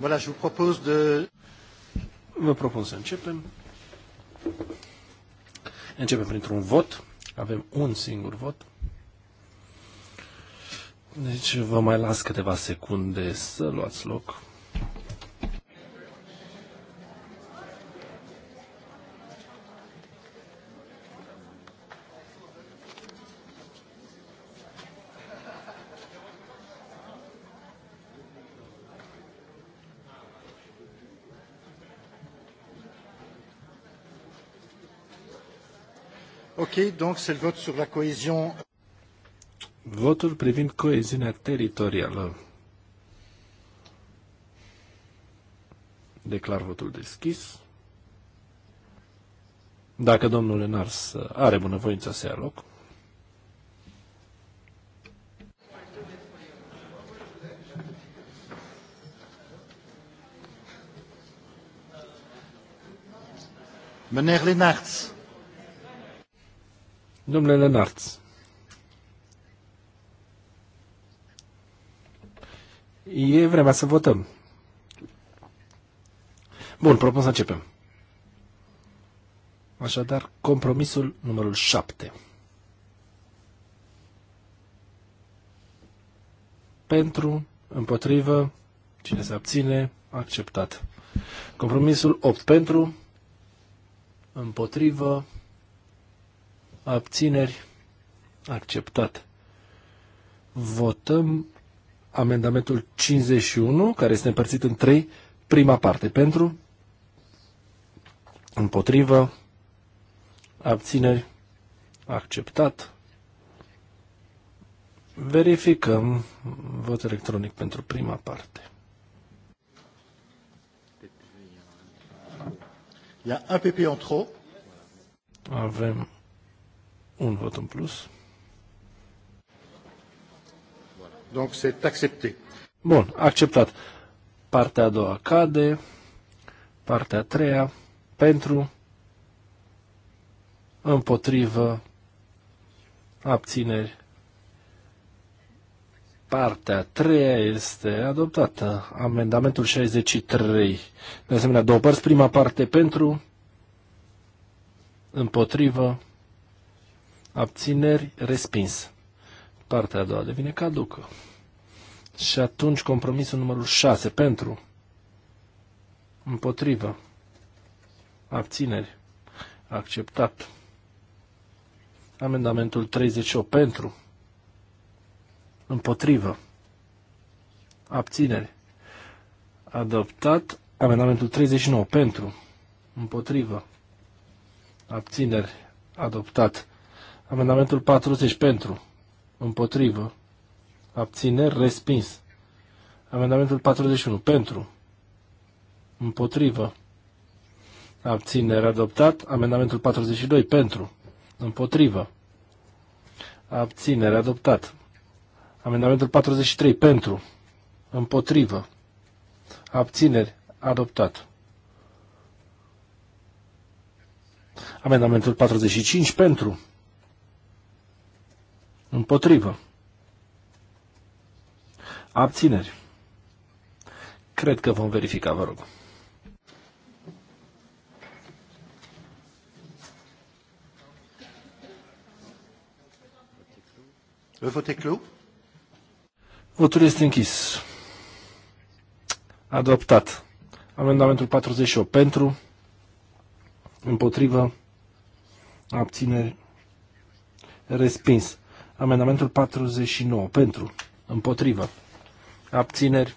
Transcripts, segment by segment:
Voilà, je vous propose de... Vă propun să începem. Începem printr-un vot. Avem un singur vot. Deci vă mai las câteva secunde să luați loc. donc c'est le vote sur la cohésion. Votul privind coeziunea teritorială. Declar votul deschis. Dacă domnul Lenars are bunăvoința să ia loc. Meneer Lenarts. Domnule Lenarț, e vremea să votăm. Bun, propun să începem. Așadar, compromisul numărul 7. Pentru, împotrivă, cine se abține, acceptat. Compromisul 8 pentru, împotrivă, abțineri, acceptat. Votăm amendamentul 51, care este împărțit în trei prima parte pentru, împotrivă, abțineri, acceptat. Verificăm vot electronic pentru prima parte. un PP Avem un vot în plus. Donc c'est accepté. Bun, acceptat. Partea a doua cade. Partea a treia. Pentru. Împotrivă. Abțineri. Partea a treia este adoptată. Amendamentul 63. De asemenea, două părți. Prima parte pentru. Împotrivă abțineri, respins. Partea a doua devine caducă. Și atunci compromisul numărul 6 pentru, împotrivă, abțineri, acceptat. Amendamentul 38 pentru, împotrivă, abțineri, adoptat. Amendamentul 39 pentru, împotrivă, abțineri, adoptat. Amendamentul 40 pentru. Împotrivă. Abțineri. Respins. Amendamentul 41 pentru. Împotrivă. Abținere adoptat. Amendamentul 42 pentru. Împotrivă. Abținere adoptat. Amendamentul 43 pentru. Împotrivă. Abțineri adoptat. Amendamentul 45 pentru. Împotrivă. Abțineri. Cred că vom verifica, vă rog. Votul este închis. Adoptat. Amendamentul 48 pentru, împotrivă, abțineri, respins. Amendamentul 49 pentru, împotrivă, abțineri,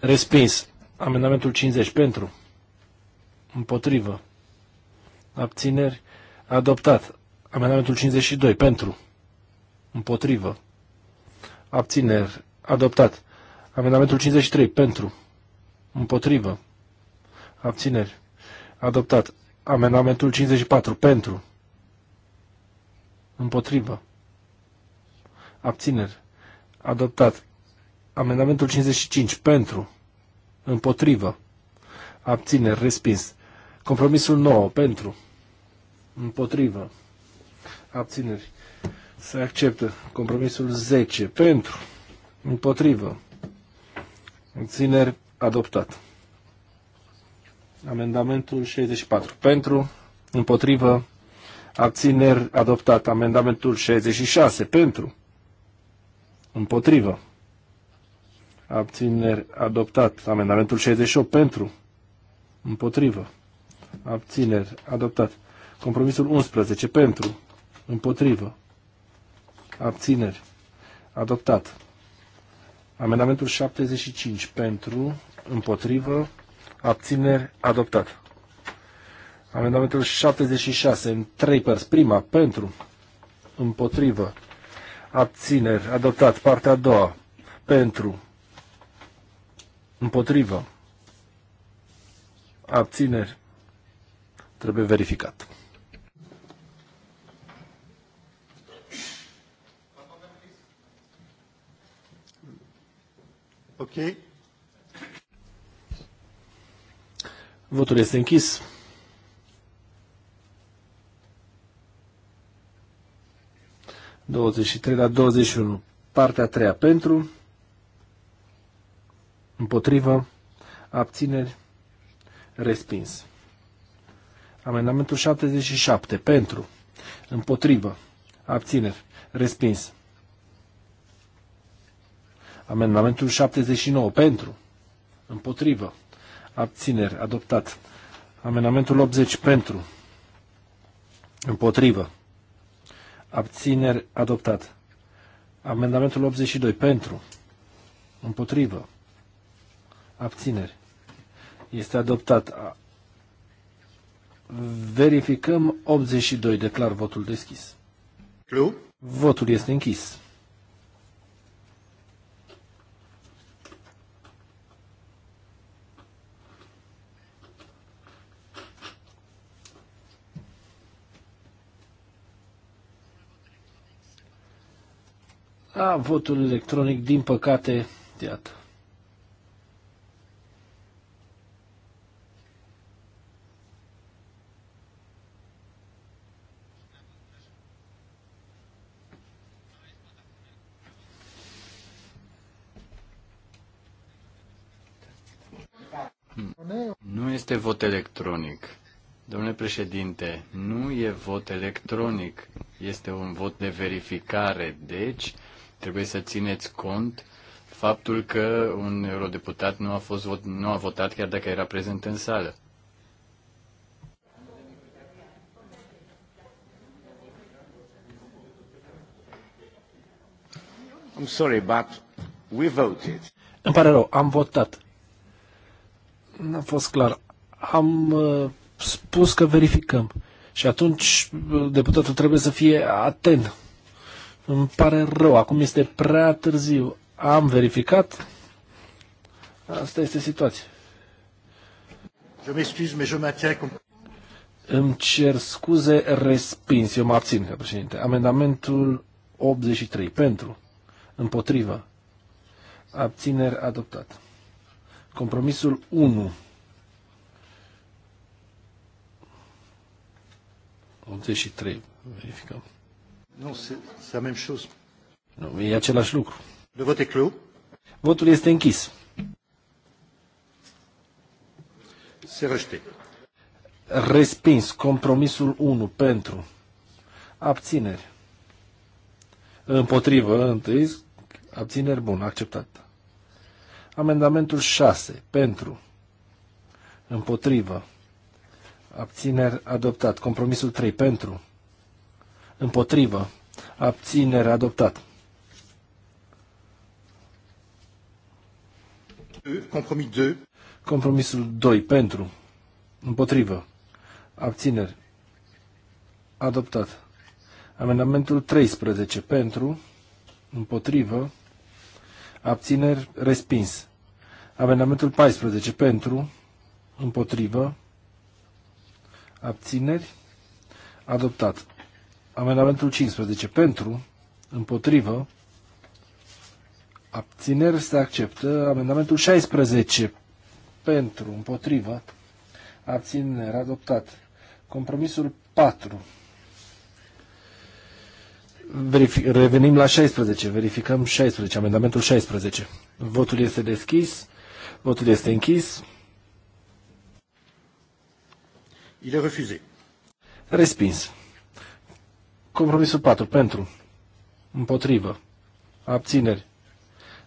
respins. Amendamentul 50 pentru, împotrivă, abțineri, adoptat. Amendamentul 52 pentru, împotrivă, abțineri, adoptat. Amendamentul 53 pentru, împotrivă, abțineri, adoptat. Amendamentul 54 pentru, împotrivă, abțineri, adoptat. Amendamentul 55, pentru, împotrivă, abțineri, respins. Compromisul 9, pentru, împotrivă, abțineri, se acceptă. Compromisul 10, pentru, împotrivă, abțineri, adoptat. Amendamentul 64, pentru, împotrivă, Abțineri adoptat amendamentul 66 pentru. Împotrivă. Abțineri adoptat. Amendamentul 68 pentru. Împotrivă. Abțineri adoptat. Compromisul 11 pentru. Împotrivă. Abțineri adoptat. Amendamentul 75 pentru. Împotrivă. Abțineri adoptat. Amendamentul 76 în trei părți. Prima pentru. Împotrivă abțineri, adoptat. Partea a doua, pentru, împotrivă, abțineri, trebuie verificat. Ok. Votul este închis. 23 la 21. Partea a treia pentru, împotrivă, abțineri, respins. Amendamentul 77 pentru, împotrivă, abțineri, respins. Amendamentul 79 pentru, împotrivă, abțineri, adoptat. Amendamentul 80 pentru, împotrivă, abțineri, adoptat. Amendamentul 82, pentru, împotrivă, abțineri, este adoptat. Verificăm 82, declar votul deschis. Clu? Votul este închis. A, votul electronic, din păcate, iată. Nu este vot electronic. Domnule președinte, nu e vot electronic, este un vot de verificare. Deci, trebuie să țineți cont faptul că un eurodeputat nu a, fost, nu a votat chiar dacă era prezent în sală. I'm sorry, but we voted. Îmi pare rău, am votat. N-a fost clar. Am uh, spus că verificăm. Și atunci uh, deputatul trebuie să fie atent îmi pare rău, acum este prea târziu. Am verificat. Asta este situația. Je m'excuse, mais je maintiens comme... Îmi cer scuze, respins. Eu mă abțin, ca președinte. Amendamentul 83. Pentru. Împotrivă. Abțineri adoptat. Compromisul 1. 83. Verificăm. Nu, se même chose. Nu, e același lucru. Le vote est clos. Votul este închis. Se rejeté. Respins compromisul 1 pentru abțineri. Împotrivă, întâi, abțineri bun, acceptat. Amendamentul 6 pentru împotrivă, abțineri adoptat. Compromisul 3 pentru împotrivă, abținere, adoptat. Compromis 2. Compromisul 2, pentru, împotrivă, abțineri, adoptat. Amendamentul 13, pentru, împotrivă, abțineri, respins. Amendamentul 14, pentru, împotrivă, abțineri, adoptat. Amendamentul 15 pentru, împotrivă, abțineri se acceptă. Amendamentul 16 pentru, împotrivă, abțineri adoptat. Compromisul 4. Verific revenim la 16. Verificăm 16. Amendamentul 16. Votul este deschis. Votul este închis. Il est refuzat. Respins. Compromisul 4. Pentru. Împotrivă. Abțineri.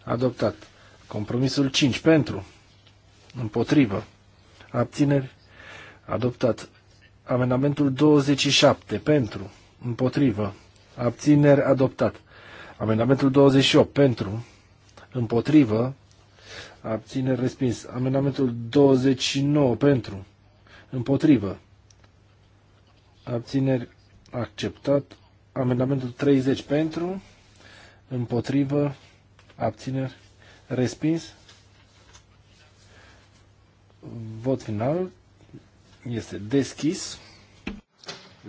Adoptat. Compromisul 5. Pentru. Împotrivă. Abțineri. Adoptat. Amendamentul 27. Pentru. Împotrivă. Abțineri. Adoptat. Amendamentul 28. Pentru. Împotrivă. Abțineri. Respins. Amendamentul 29. Pentru. Împotrivă. Abțineri acceptat. Amendamentul 30 pentru, împotrivă, abțineri, respins. Vot final este deschis.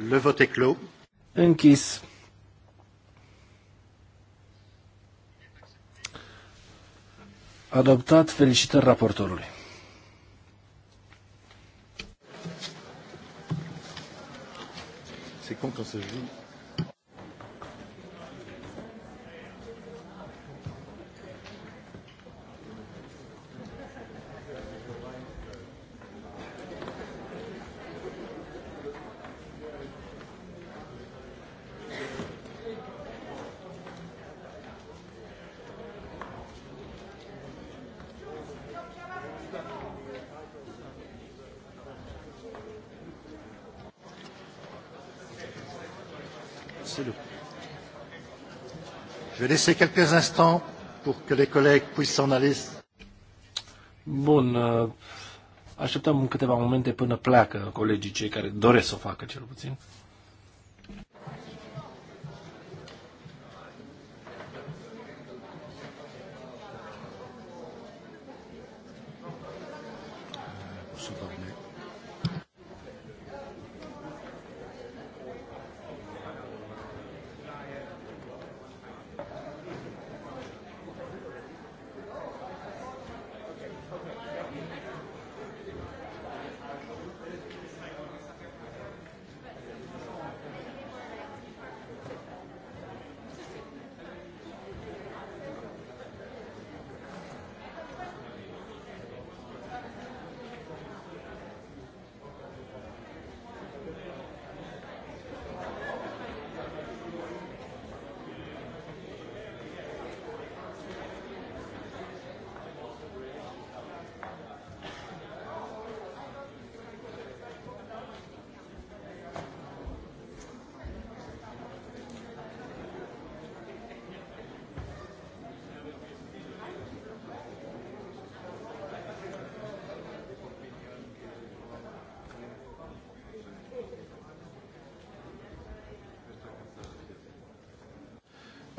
Le vote est clos. Închis. Adoptat. Felicitări raportorului. c'est quand ça se joue. Je vais laisser quelques instants pour que les collègues puissent s'en aller. Bun, uh, așteptăm câteva momente până pleacă colegii cei care doresc să o facă cel puțin.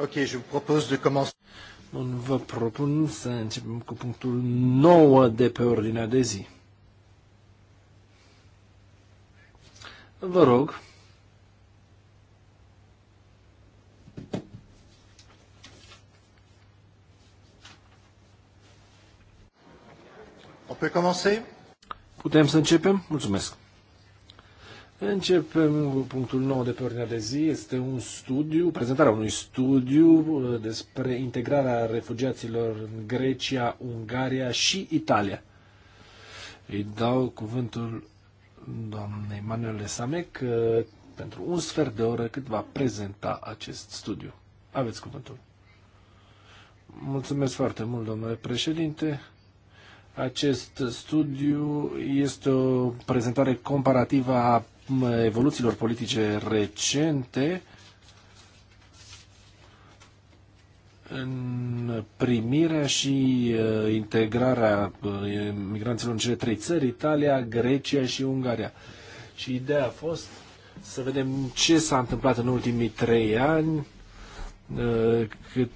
Ok, je vous propose de commencer. Bun, vă de commencer avec le point 9 de l'ordre ordinea de zi. Vă rog. On peut commencer? Putem să începem? Mulțumesc. Începem cu punctul nou de pe ordinea de zi. Este un studiu, prezentarea unui studiu uh, despre integrarea refugiaților în Grecia, Ungaria și Italia. Îi dau cuvântul doamnei Manuele Samec uh, pentru un sfert de oră cât va prezenta acest studiu. Aveți cuvântul. Mulțumesc foarte mult, domnule președinte. Acest studiu este o prezentare comparativă a evoluțiilor politice recente, în primirea și uh, integrarea uh, migranților în cele trei țări, Italia, Grecia și Ungaria. Și ideea a fost să vedem ce s-a întâmplat în ultimii trei ani, uh, cât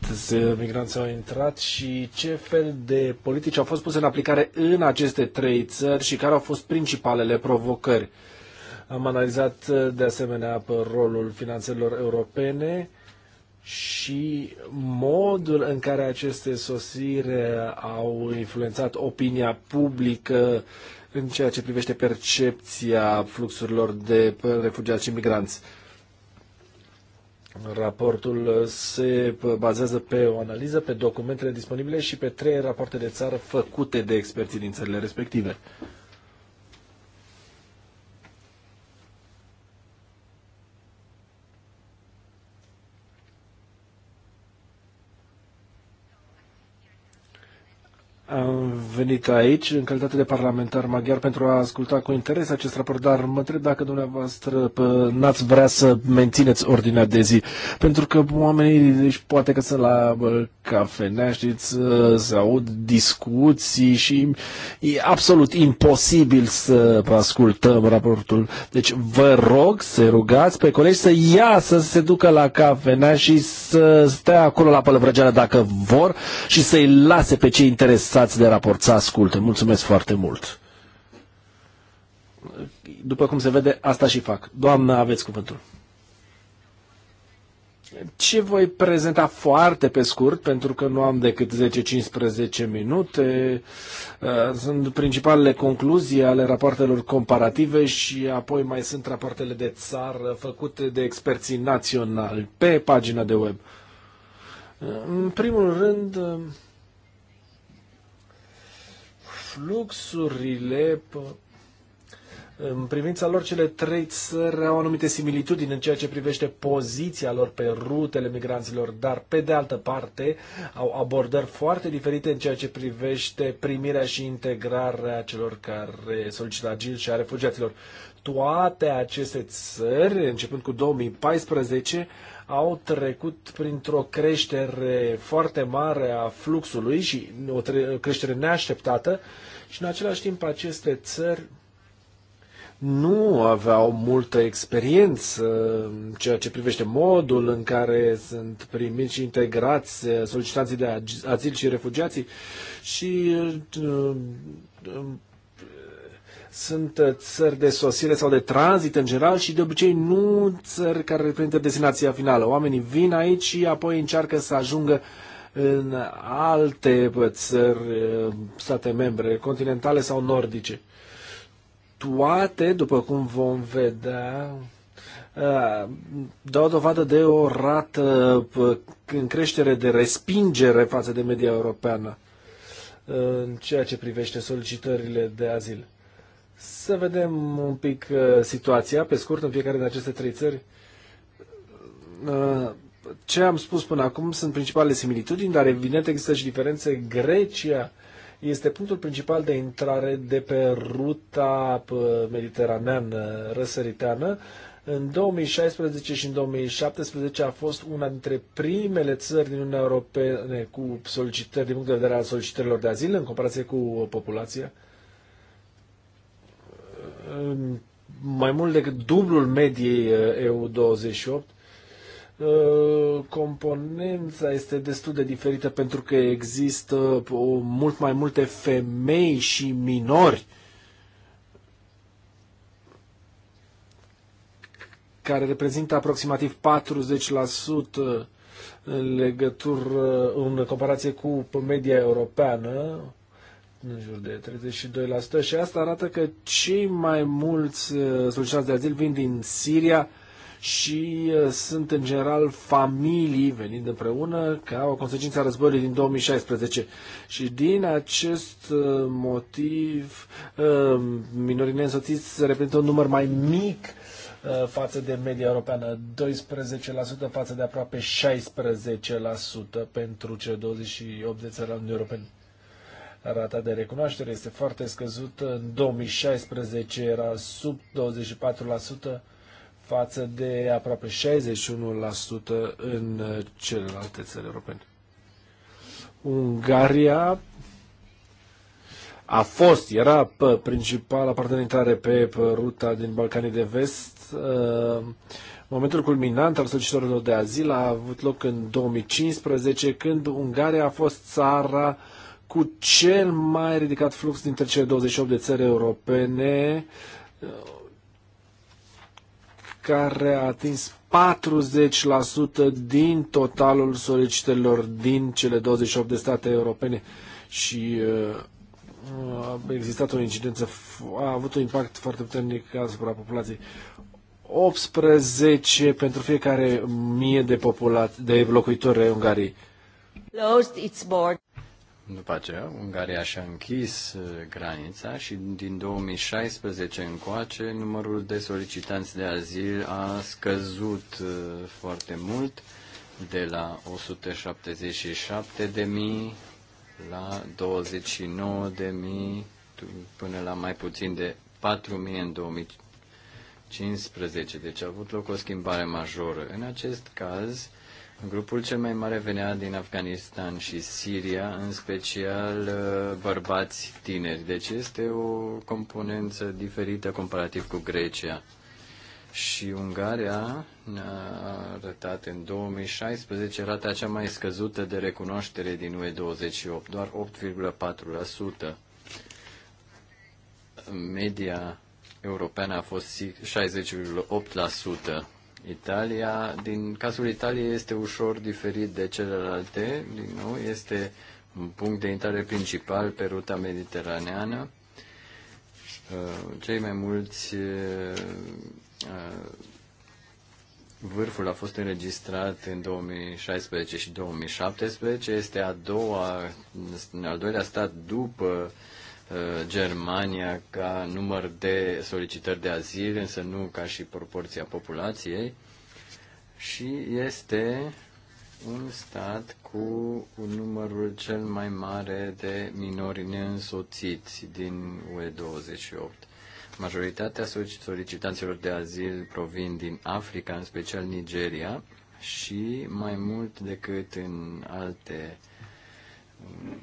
migranți au intrat și ce fel de politici au fost puse în aplicare în aceste trei țări și care au fost principalele provocări. Am analizat uh, de asemenea rolul finanțelor europene și modul în care aceste sosire au influențat opinia publică în ceea ce privește percepția fluxurilor de refugiați și migranți. Raportul uh, se bazează pe o analiză, pe documentele disponibile și pe trei rapoarte de țară făcute de experții din țările respective. venit aici în calitate de parlamentar maghiar pentru a asculta cu interes acest raport, dar mă întreb dacă dumneavoastră n-ați vrea să mențineți ordinea de zi, pentru că oamenii deci, poate că sunt la cafenea, știți, să aud discuții și e absolut imposibil să ascultăm raportul. Deci vă rog să rugați pe colegi să ia, să se ducă la cafenea și să stea acolo la pălăvrăgeală dacă vor și să-i lase pe cei interesați de raport să asculte. Mulțumesc foarte mult. După cum se vede, asta și fac. Doamnă, aveți cuvântul. Ce voi prezenta foarte pe scurt, pentru că nu am decât 10-15 minute, uh, sunt principalele concluzii ale rapoartelor comparative și apoi mai sunt rapoartele de țară făcute de experții naționali pe pagina de web. Uh, în primul rând, uh, fluxurile în privința lor cele trei țări au anumite similitudini în ceea ce privește poziția lor pe rutele migranților, dar pe de altă parte au abordări foarte diferite în ceea ce privește primirea și integrarea celor care solicită agil și a refugiaților. Toate aceste țări, începând cu 2014, au trecut printr-o creștere foarte mare a fluxului și o creștere neașteptată și în același timp aceste țări nu aveau multă experiență în ceea ce privește modul în care sunt primiți și integrați eh, solicitanții de azil și refugiații și eh, sunt uh, țări de sosire sau de tranzit în general și de obicei nu țări care reprezintă destinația finală. Oamenii vin aici și apoi încearcă să ajungă în alte țări, uh, state membre, continentale sau nordice. Toate, după cum vom vedea, uh, dau dovadă de o rată în creștere de respingere față de media europeană în ceea ce privește solicitările de azil. Să vedem un pic uh, situația, pe scurt, în fiecare din aceste trei țări. Uh, ce am spus până acum sunt principalele similitudini, dar evident există și diferențe. Grecia este punctul principal de intrare de pe ruta uh, mediteraneană răsăriteană. În 2016 și în 2017 a fost una dintre primele țări din Uniunea Europeană cu solicitări, din punct de vedere al solicitărilor de azil, în comparație cu populația mai mult decât dublul mediei EU28. Eh, eh, componența este destul de diferită pentru că există mult mai multe femei și minori care reprezintă aproximativ 40% în legătură, în comparație cu media europeană, în jur de 32% și asta arată că cei mai mulți uh, solicitanți de azil vin din Siria și uh, sunt în general familii venind împreună ca o consecință a războiului din 2016. Și din acest uh, motiv minorii neînsoțiți reprezintă un număr mai mic față de media europeană, 12% față de aproape 16% pentru cele 28 de țări ale Uniunii Europene. Rata de recunoaștere este foarte scăzută. În 2016 era sub 24% față de aproape 61% în uh, celelalte țări europene. Ungaria a fost, era principala parteneriatare pe ruta din Balcanii de Vest. Uh, momentul culminant al solicitorilor de azil a avut loc în 2015, când Ungaria a fost țara uh, cu cel mai ridicat flux dintre cele 28 de țări europene care a atins 40% din totalul solicitărilor din cele 28 de state europene și uh, a existat o incidență, a avut un impact foarte puternic asupra populației. 18 pentru fiecare mie de, popula- de locuitori ai Ungariei. its board. După aceea, Ungaria și-a închis uh, granița și din 2016 încoace numărul de solicitanți de azil a scăzut uh, foarte mult de la 177 de mii la 29 de mii până la mai puțin de 4.000 în 2015. Deci a avut loc o schimbare majoră. În acest caz, Grupul cel mai mare venea din Afganistan și Siria, în special uh, bărbați tineri. Deci este o componență diferită comparativ cu Grecia. Și Ungaria a arătat în 2016 rata cea mai scăzută de recunoaștere din UE28, doar 8,4%. Media europeană a fost 60,8%. Italia, din cazul Italiei este ușor diferit de celelalte, din nou, este un punct de intrare principal pe ruta mediteraneană. Uh, cei mai mulți uh, uh, vârful a fost înregistrat în 2016 și 2017, este a doua, al doilea stat după Uh, Germania ca număr de solicitări de azil, însă nu ca și proporția populației. Și este un stat cu un numărul cel mai mare de minori neînsoțiți din UE28. Majoritatea solicitanților de azil provin din Africa, în special Nigeria, și mai mult decât în alte um,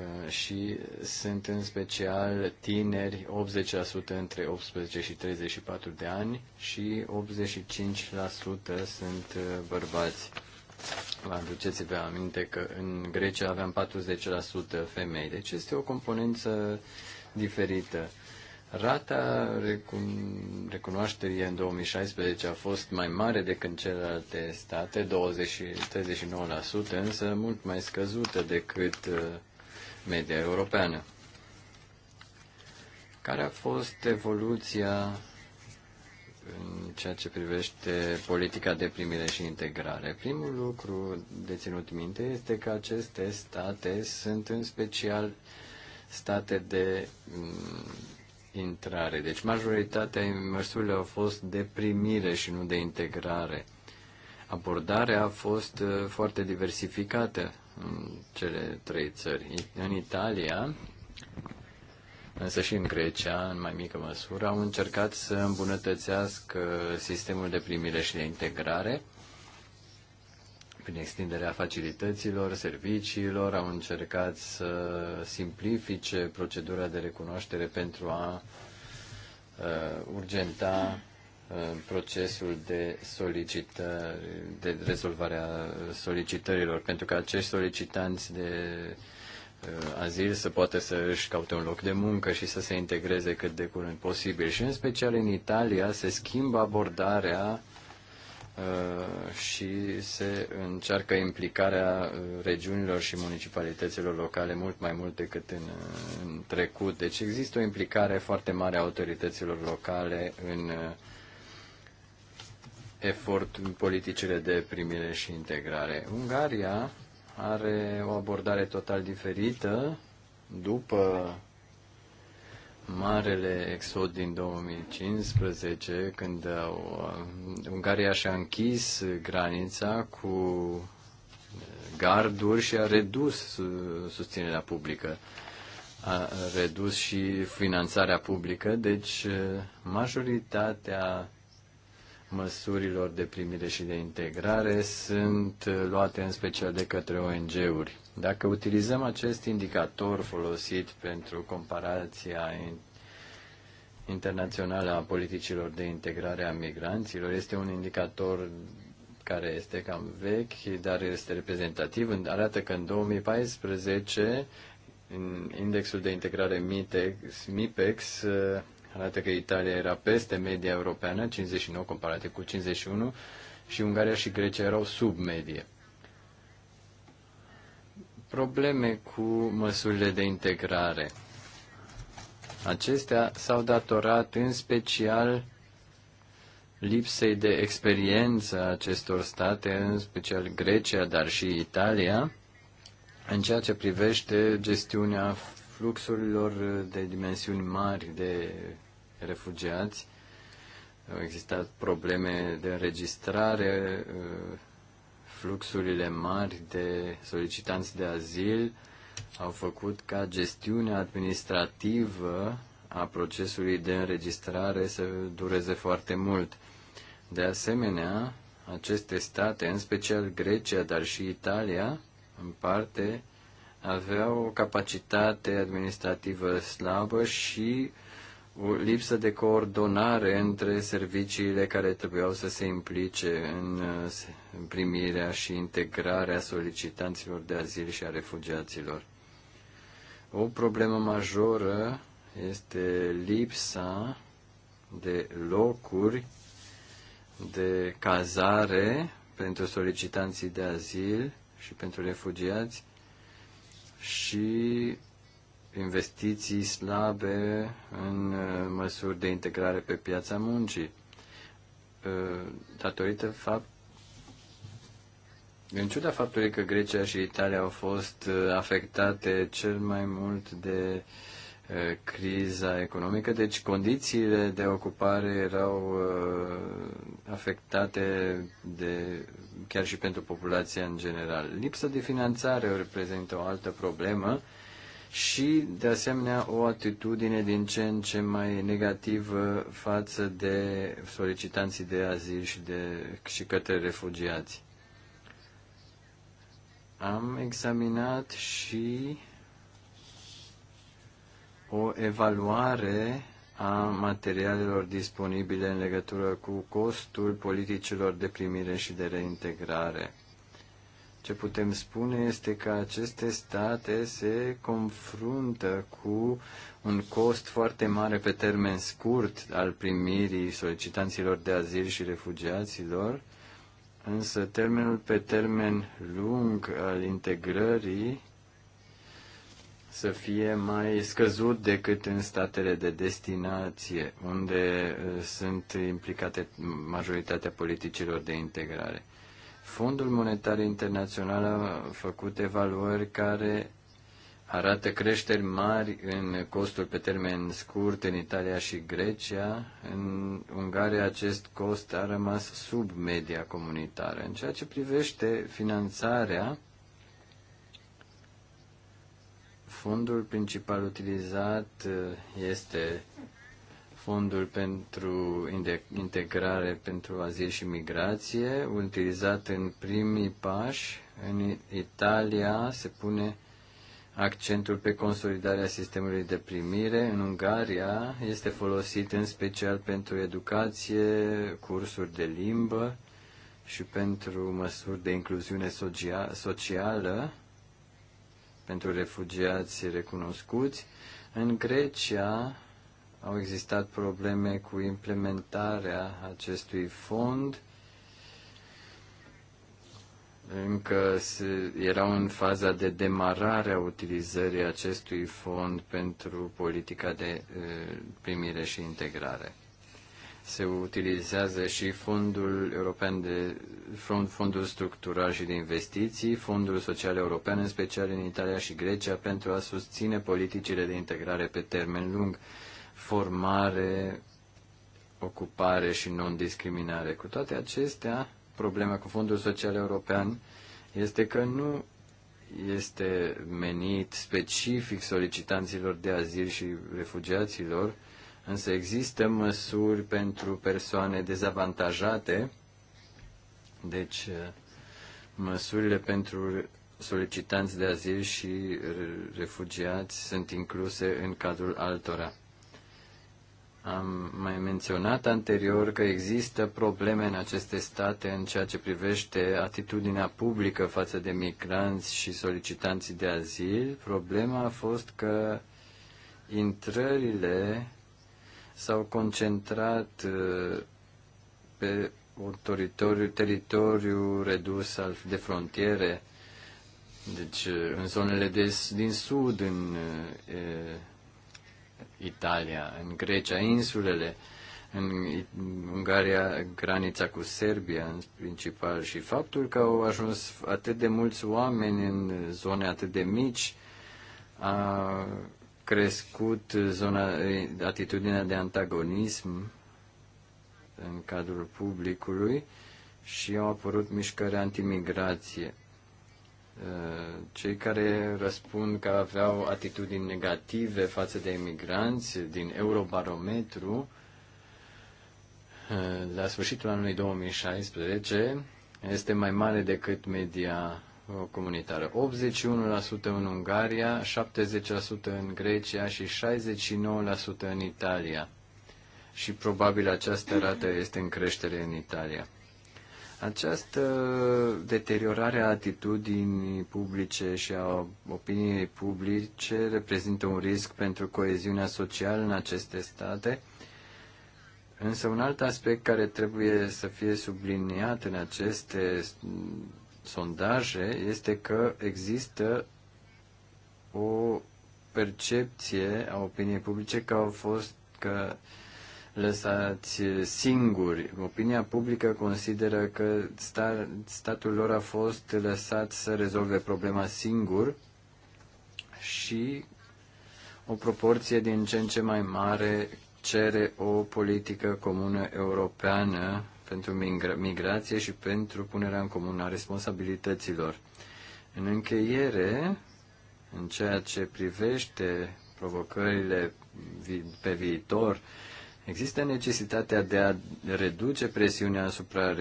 Uh, și sunt în special tineri, 80% între 18 și 34 de ani și 85% sunt uh, bărbați. Vă aduceți-vă aminte că în Grecia aveam 40% femei, deci este o componență diferită. Rata recunoașterii în 2016 a fost mai mare decât în celelalte state, 20-39%, însă mult mai scăzută decât uh, media europeană. Care a fost evoluția în ceea ce privește politica de primire și integrare. Primul lucru de ținut minte este că aceste state sunt în special state de mm, intrare. Deci majoritatea măsurilor au fost de primire și nu de integrare. Abordarea a fost uh, foarte diversificată cele trei țări. În Italia, însă și în Grecia, în mai mică măsură, au încercat să îmbunătățească sistemul de primire și de integrare prin extinderea facilităților, serviciilor, au încercat să simplifice procedura de recunoaștere pentru a uh, urgenta procesul de solicitări, de rezolvarea solicitărilor, pentru că acești solicitanți de uh, azil să poată să își caute un loc de muncă și să se integreze cât de curând posibil. Și în special în Italia se schimbă abordarea uh, și se încearcă implicarea uh, regiunilor și municipalităților locale mult mai mult decât în, în trecut. Deci există o implicare foarte mare a autorităților locale în uh, efort în politicile de primire și integrare. Ungaria are o abordare total diferită după marele exod din 2015, când Ungaria și-a închis granița cu garduri și a redus susținerea publică. A redus și finanțarea publică, deci majoritatea măsurilor de primire și de integrare sunt uh, luate în special de către ONG-uri. Dacă utilizăm acest indicator folosit pentru comparația internațională a politicilor de integrare a migranților, este un indicator care este cam vechi, dar este reprezentativ. Arată că în 2014 indexul de integrare MITEX, MIPEX uh, arată că Italia era peste media europeană, 59 comparate cu 51, și Ungaria și Grecia erau sub medie. Probleme cu măsurile de integrare. Acestea s-au datorat în special lipsei de experiență a acestor state, în special Grecia, dar și Italia, în ceea ce privește gestiunea fluxurilor de dimensiuni mari de refugiați. Au existat probleme de înregistrare, fluxurile mari de solicitanți de azil au făcut ca gestiunea administrativă a procesului de înregistrare să dureze foarte mult. De asemenea, aceste state, în special Grecia, dar și Italia, în parte, avea o capacitate administrativă slabă și o lipsă de coordonare între serviciile care trebuiau să se implice în primirea și integrarea solicitanților de azil și a refugiaților. O problemă majoră este lipsa de locuri de cazare pentru solicitanții de azil și pentru refugiați și investiții slabe în uh, măsuri de integrare pe piața muncii, uh, datorită fapt, în ciuda faptului că Grecia și Italia au fost uh, afectate cel mai mult de uh, Eh, criza economică, deci condițiile de ocupare erau eh, afectate de, chiar și pentru populația în general. Lipsa de finanțare reprezintă o altă problemă și, de asemenea, o atitudine din ce în ce mai negativă față de solicitanții de azil și, de, și către refugiați. Am examinat și o evaluare a materialelor disponibile în legătură cu costul politicilor de primire și de reintegrare. Ce putem spune este că aceste state se confruntă cu un cost foarte mare pe termen scurt al primirii solicitanților de azil și refugiaților, însă termenul pe termen lung al integrării să fie mai scăzut decât în statele de destinație, unde uh, sunt implicate majoritatea politicilor de integrare. Fondul Monetar Internațional a făcut evaluări care arată creșteri mari în costul pe termen scurt în Italia și Grecia. În Ungaria acest cost a rămas sub media comunitară. În ceea ce privește finanțarea, Fondul principal utilizat uh, este fondul pentru integrare pentru azil și migrație, utilizat în primii pași. În Italia se pune accentul pe consolidarea sistemului de primire. În Ungaria este folosit în special pentru educație, cursuri de limbă și pentru măsuri de incluziune socială pentru refugiați recunoscuți. În Grecia au existat probleme cu implementarea acestui fond. Încă erau în faza de demarare a utilizării acestui fond pentru politica de eh, primire și integrare se utilizează și Fondul European de fond, Fondul Structural și de Investiții, Fondul Social European, în special în Italia și Grecia, pentru a susține politicile de integrare pe termen lung, formare, ocupare și non-discriminare. Cu toate acestea, problema cu Fondul Social European este că nu este menit specific solicitanților de azil și refugiaților, Însă există măsuri pentru persoane dezavantajate, deci uh, măsurile pentru solicitanți de azil și refugiați sunt incluse în cadrul altora. Am mai menționat anterior că există probleme în aceste state în ceea ce privește atitudinea publică față de migranți și solicitanții de azil. Problema a fost că intrările s-au concentrat uh, pe un teritoriu, teritoriu redus de frontiere, deci uh, în zonele de, din sud, în uh, e, Italia, în Grecia, insulele, în Ungaria, granița cu Serbia în principal și faptul că au ajuns atât de mulți oameni în zone atât de mici a crescut zona, atitudinea de antagonism în cadrul publicului și au apărut mișcări antimigrație. Uh, cei care răspund că aveau atitudini negative față de emigranți din Eurobarometru, uh, la sfârșitul anului 2016, este mai mare decât media comunitară. 81% în Ungaria, 70% în Grecia și 69% în Italia. Și probabil această rată este în creștere în Italia. Această deteriorare a atitudinii publice și a opiniei publice reprezintă un risc pentru coeziunea socială în aceste state, însă un alt aspect care trebuie să fie subliniat în aceste sondaje este că există o percepție a opiniei publice că au fost că lăsați singuri. Opinia publică consideră că statul lor a fost lăsat să rezolve problema singur și o proporție din ce în ce mai mare cere o politică comună europeană pentru migrație și pentru punerea în comun a responsabilităților. În încheiere, în ceea ce privește provocările pe viitor, există necesitatea de a reduce presiunea asupra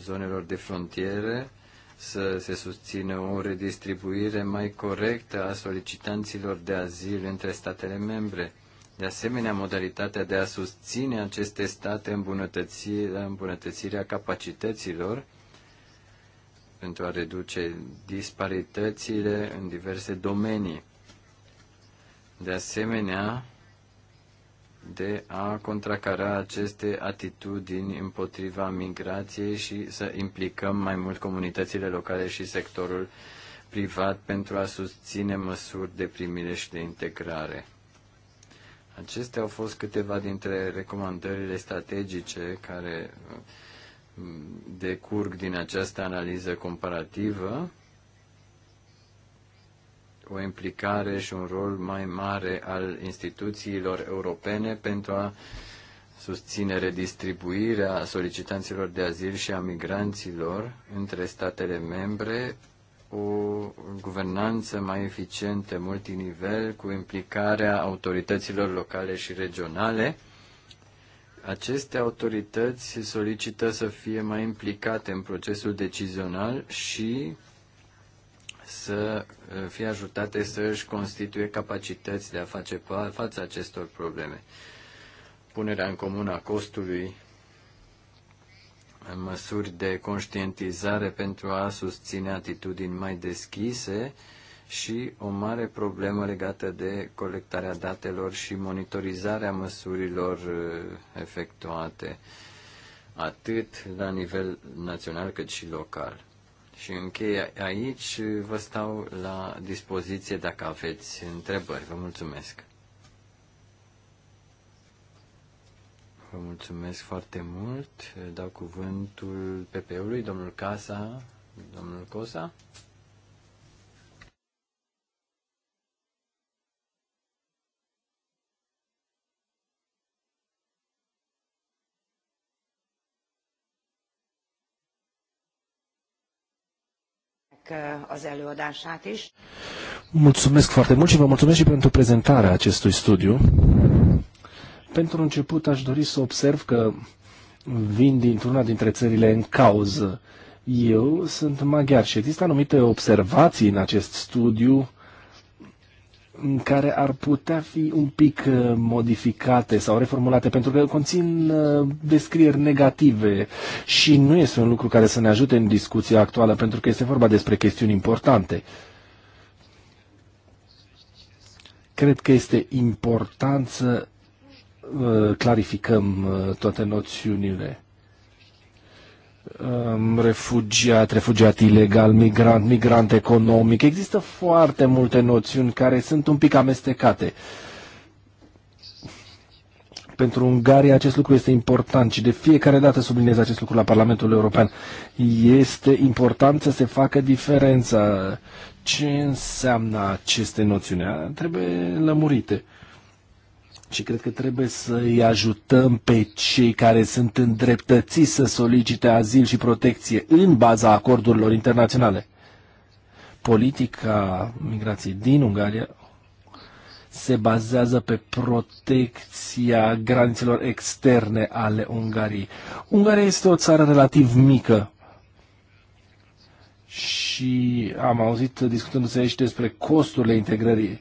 zonelor de frontiere, să se susțină o redistribuire mai corectă a solicitanților de azil între statele membre – de asemenea, modalitatea de a susține aceste state îmbunătățirea, îmbunătățirea capacităților pentru a reduce disparitățile în diverse domenii. De asemenea, de a contracara aceste atitudini împotriva migrației și să implicăm mai mult comunitățile locale și sectorul privat pentru a susține măsuri de primire și de integrare. Acestea au fost câteva dintre recomandările strategice care mm, decurg din această analiză comparativă o implicare și un rol mai mare al instituțiilor europene pentru a susține redistribuirea solicitanților de azil și a migranților între statele membre o guvernanță mai eficientă, multinivel, cu implicarea autorităților locale și regionale. Aceste autorități solicită să fie mai implicate în procesul decizional și să uh, fie ajutate să își constituie capacități de a face față acestor probleme. Punerea în comun a costului măsuri de conștientizare pentru a susține atitudini mai deschise și o mare problemă legată de colectarea datelor și monitorizarea măsurilor uh, efectuate, atât la nivel național cât și local. Și închei aici, vă stau la dispoziție dacă aveți întrebări. Vă mulțumesc! Vă mulțumesc foarte mult. Dau cuvântul PP-ului, domnul Casa, domnul Cosa. az előadását is. Mulțumesc foarte mult și vă mulțumesc și pentru prezentarea acestui studiu. Pentru început aș dori să observ că vin dintr-una dintre țările în cauză. Eu sunt maghiar și există anumite observații în acest studiu în care ar putea fi un pic uh, modificate sau reformulate, pentru că conțin uh, descrieri negative și nu este un lucru care să ne ajute în discuția actuală, pentru că este vorba despre chestiuni importante. Cred că este important să Uh, clarificăm uh, toate noțiunile. Um, refugiat, refugiat ilegal, migrant, migrant economic. Există foarte multe noțiuni care sunt un pic amestecate. Pentru Ungaria acest lucru este important și de fiecare dată subliniez acest lucru la Parlamentul European. Este important să se facă diferența. Ce înseamnă aceste noțiuni? Trebuie lămurite. Uh, și cred că trebuie să-i ajutăm pe cei care sunt îndreptățiți să solicite azil și protecție în baza acordurilor internaționale. Politica migrației din Ungaria se bazează pe protecția granițelor externe ale Ungariei. Ungaria este o țară relativ mică și am auzit discutându-se aici despre costurile integrării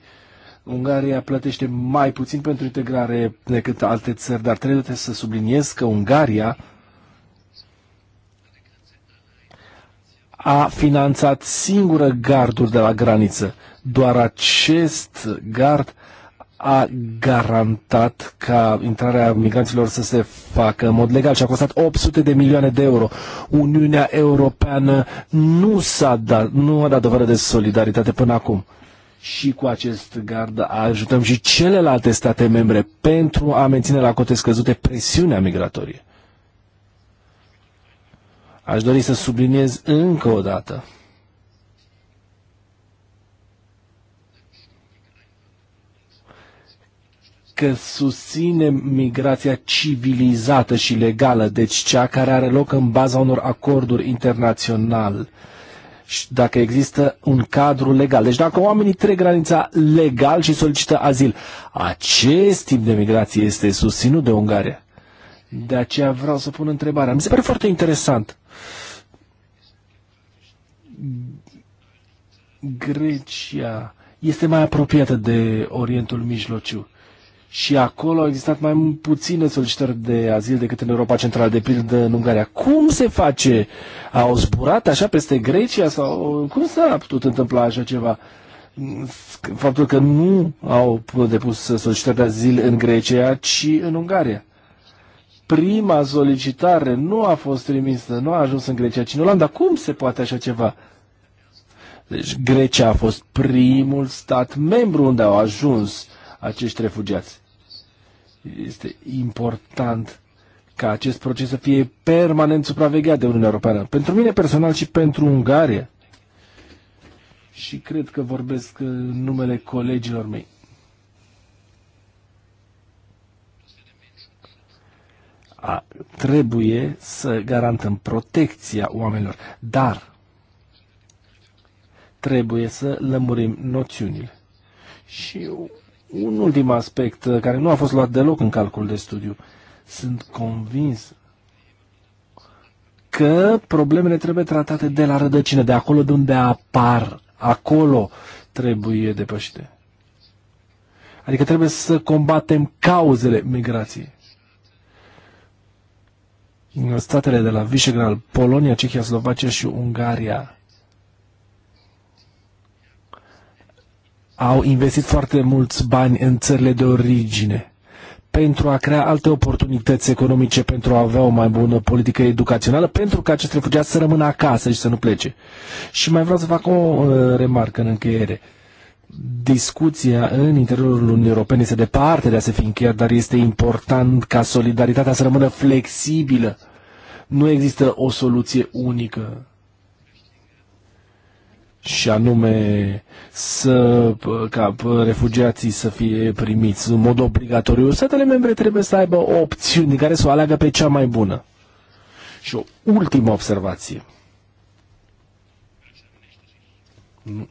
Ungaria plătește mai puțin pentru integrare decât alte țări, dar trebuie să subliniez că Ungaria a finanțat singură garduri de la graniță. Doar acest gard a garantat ca intrarea migranților să se facă în mod legal și a costat 800 de milioane de euro. Uniunea Europeană nu, s-a dat, nu a dat dovadă de solidaritate până acum și cu acest gard ajutăm și celelalte state membre pentru a menține la cote scăzute presiunea migratorie. Aș dori să subliniez încă o dată că susține migrația civilizată și legală, deci cea care are loc în baza unor acorduri internaționale și dacă există un cadru legal. Deci dacă oamenii trec granița legal și solicită azil, acest tip de migrație este susținut de Ungaria. De aceea vreau să pun întrebarea. Mi se pare foarte interesant. Grecia este mai apropiată de Orientul Mijlociu și acolo au existat mai puține solicitări de azil decât în Europa Centrală, de pildă în Ungaria. Cum se face? Au zburat așa peste Grecia sau cum s-a putut întâmpla așa ceva? Faptul că nu au depus solicitări de azil în Grecia, ci în Ungaria. Prima solicitare nu a fost trimisă, nu a ajuns în Grecia, ci în Olanda. Cum se poate așa ceva? Deci Grecia a fost primul stat membru unde au ajuns uh, acești refugiați. Este important ca acest proces să fie permanent supravegheat de Uniunea Europeană. Pentru mine personal și pentru Ungaria. Și cred că vorbesc în numele colegilor mei. A, trebuie să garantăm protecția oamenilor, dar trebuie să lămurim noțiunile. Și un ultim aspect uh, care nu a fost luat deloc în calcul de studiu. Sunt convins că problemele trebuie tratate de la rădăcină, de acolo de unde apar, acolo trebuie depășite. Adică trebuie să combatem cauzele migrației. În statele de la Visegrad, Polonia, Cehia, Slovacia și Ungaria au investit foarte mulți bani în țările de origine pentru a crea alte oportunități economice, pentru a avea o mai bună politică educațională, pentru ca acest refugiat să rămână acasă și să nu plece. Și mai vreau să fac o uh, remarcă în încheiere. Discuția în interiorul Uniunii Europene este departe de a se fi încheiat, dar este important ca solidaritatea să rămână flexibilă. Nu există o soluție unică și anume să, ca refugiații să fie primiți în mod obligatoriu, statele membre trebuie să aibă opțiuni care să o aleagă pe cea mai bună. Și o ultimă observație. Nu,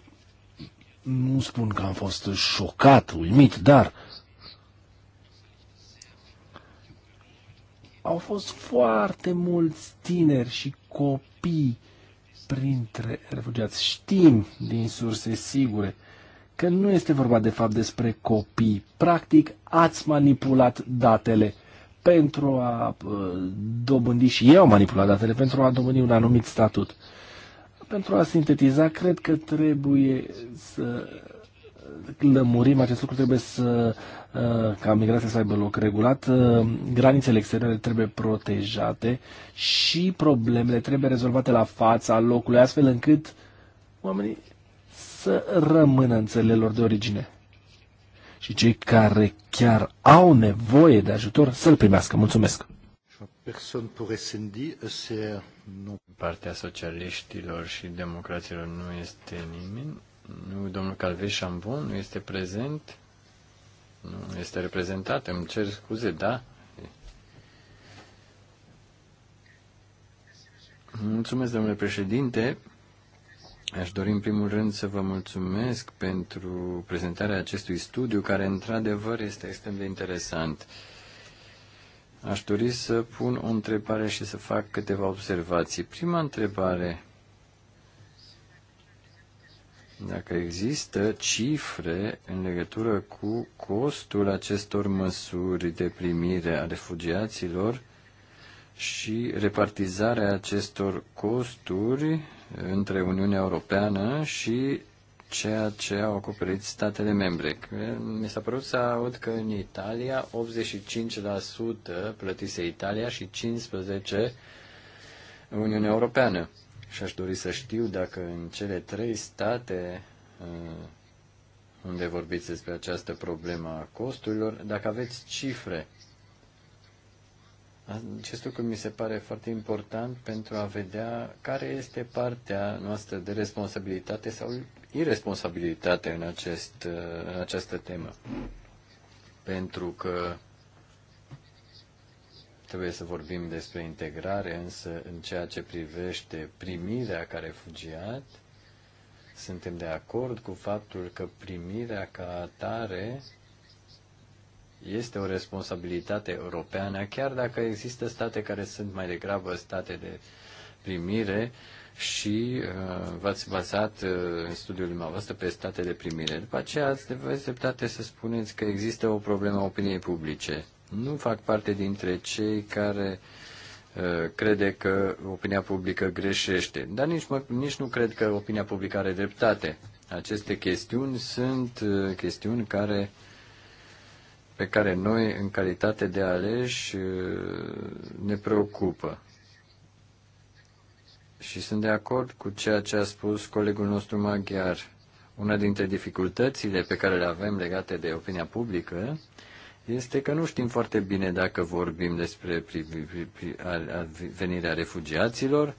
nu spun că am fost șocat, uimit, dar au fost foarte mulți tineri și copii printre refugiați. Știm din surse sigure că nu este vorba de fapt despre copii. Practic ați manipulat datele pentru a uh, dobândi și eu am manipulat datele pentru a dobândi un anumit statut. Pentru a sintetiza, cred că trebuie să lămurim acest lucru, trebuie să uh, ca migrația să aibă loc regulat, uh, granițele exterioare trebuie protejate și problemele trebuie rezolvate la fața locului, astfel încât oamenii să rămână în țările lor de origine. Și cei care chiar au nevoie de ajutor să-l primească. Mulțumesc! Partea socialiștilor și democraților nu este nimeni. Nu, domnul Calvi Șambon nu este prezent. Nu este reprezentat. Îmi cer scuze, da? Mulțumesc, domnule președinte. Aș dori în primul rând să vă mulțumesc pentru prezentarea acestui studiu, care într-adevăr este extrem de interesant. Aș dori să pun o întrebare și să fac câteva observații. Prima întrebare dacă există cifre în legătură cu costul acestor măsuri de primire a refugiaților și repartizarea acestor costuri între Uniunea Europeană și ceea ce au acoperit statele membre. Mi s-a părut să aud că în Italia 85% plătise Italia și 15% Uniunea Europeană. Și aș dori să știu dacă în cele trei state uh, unde vorbiți despre această problemă a costurilor, dacă aveți cifre. Acest lucru mi se pare foarte important pentru a vedea care este partea noastră de responsabilitate sau irresponsabilitate în, acest, uh, în această temă. Pentru că Trebuie să vorbim despre integrare, însă în ceea ce privește primirea ca refugiat, suntem de acord cu faptul că primirea ca atare este o responsabilitate europeană, chiar dacă există state care sunt mai degrabă state de primire și uh, v-ați bazat uh, în studiul dumneavoastră pe state de primire. După aceea ați aveți dreptate să spuneți că există o problemă a opiniei publice. Nu fac parte dintre cei care uh, crede că opinia publică greșește, dar nici, mă, nici nu cred că opinia publică are dreptate. Aceste chestiuni sunt uh, chestiuni care, pe care noi, în calitate de aleși, uh, ne preocupă. Și sunt de acord cu ceea ce a spus colegul nostru maghiar. Una dintre dificultățile pe care le avem legate de opinia publică este că nu știm foarte bine dacă vorbim despre venirea refugiaților,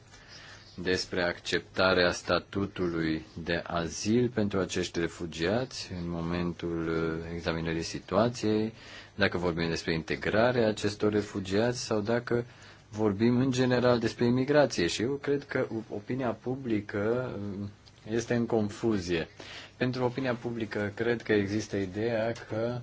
despre acceptarea statutului de azil pentru acești refugiați în momentul uh, examinării situației, dacă vorbim despre integrarea acestor refugiați sau dacă vorbim în general despre imigrație. Și eu cred că opinia publică uh, este în confuzie. Pentru opinia publică cred că există ideea că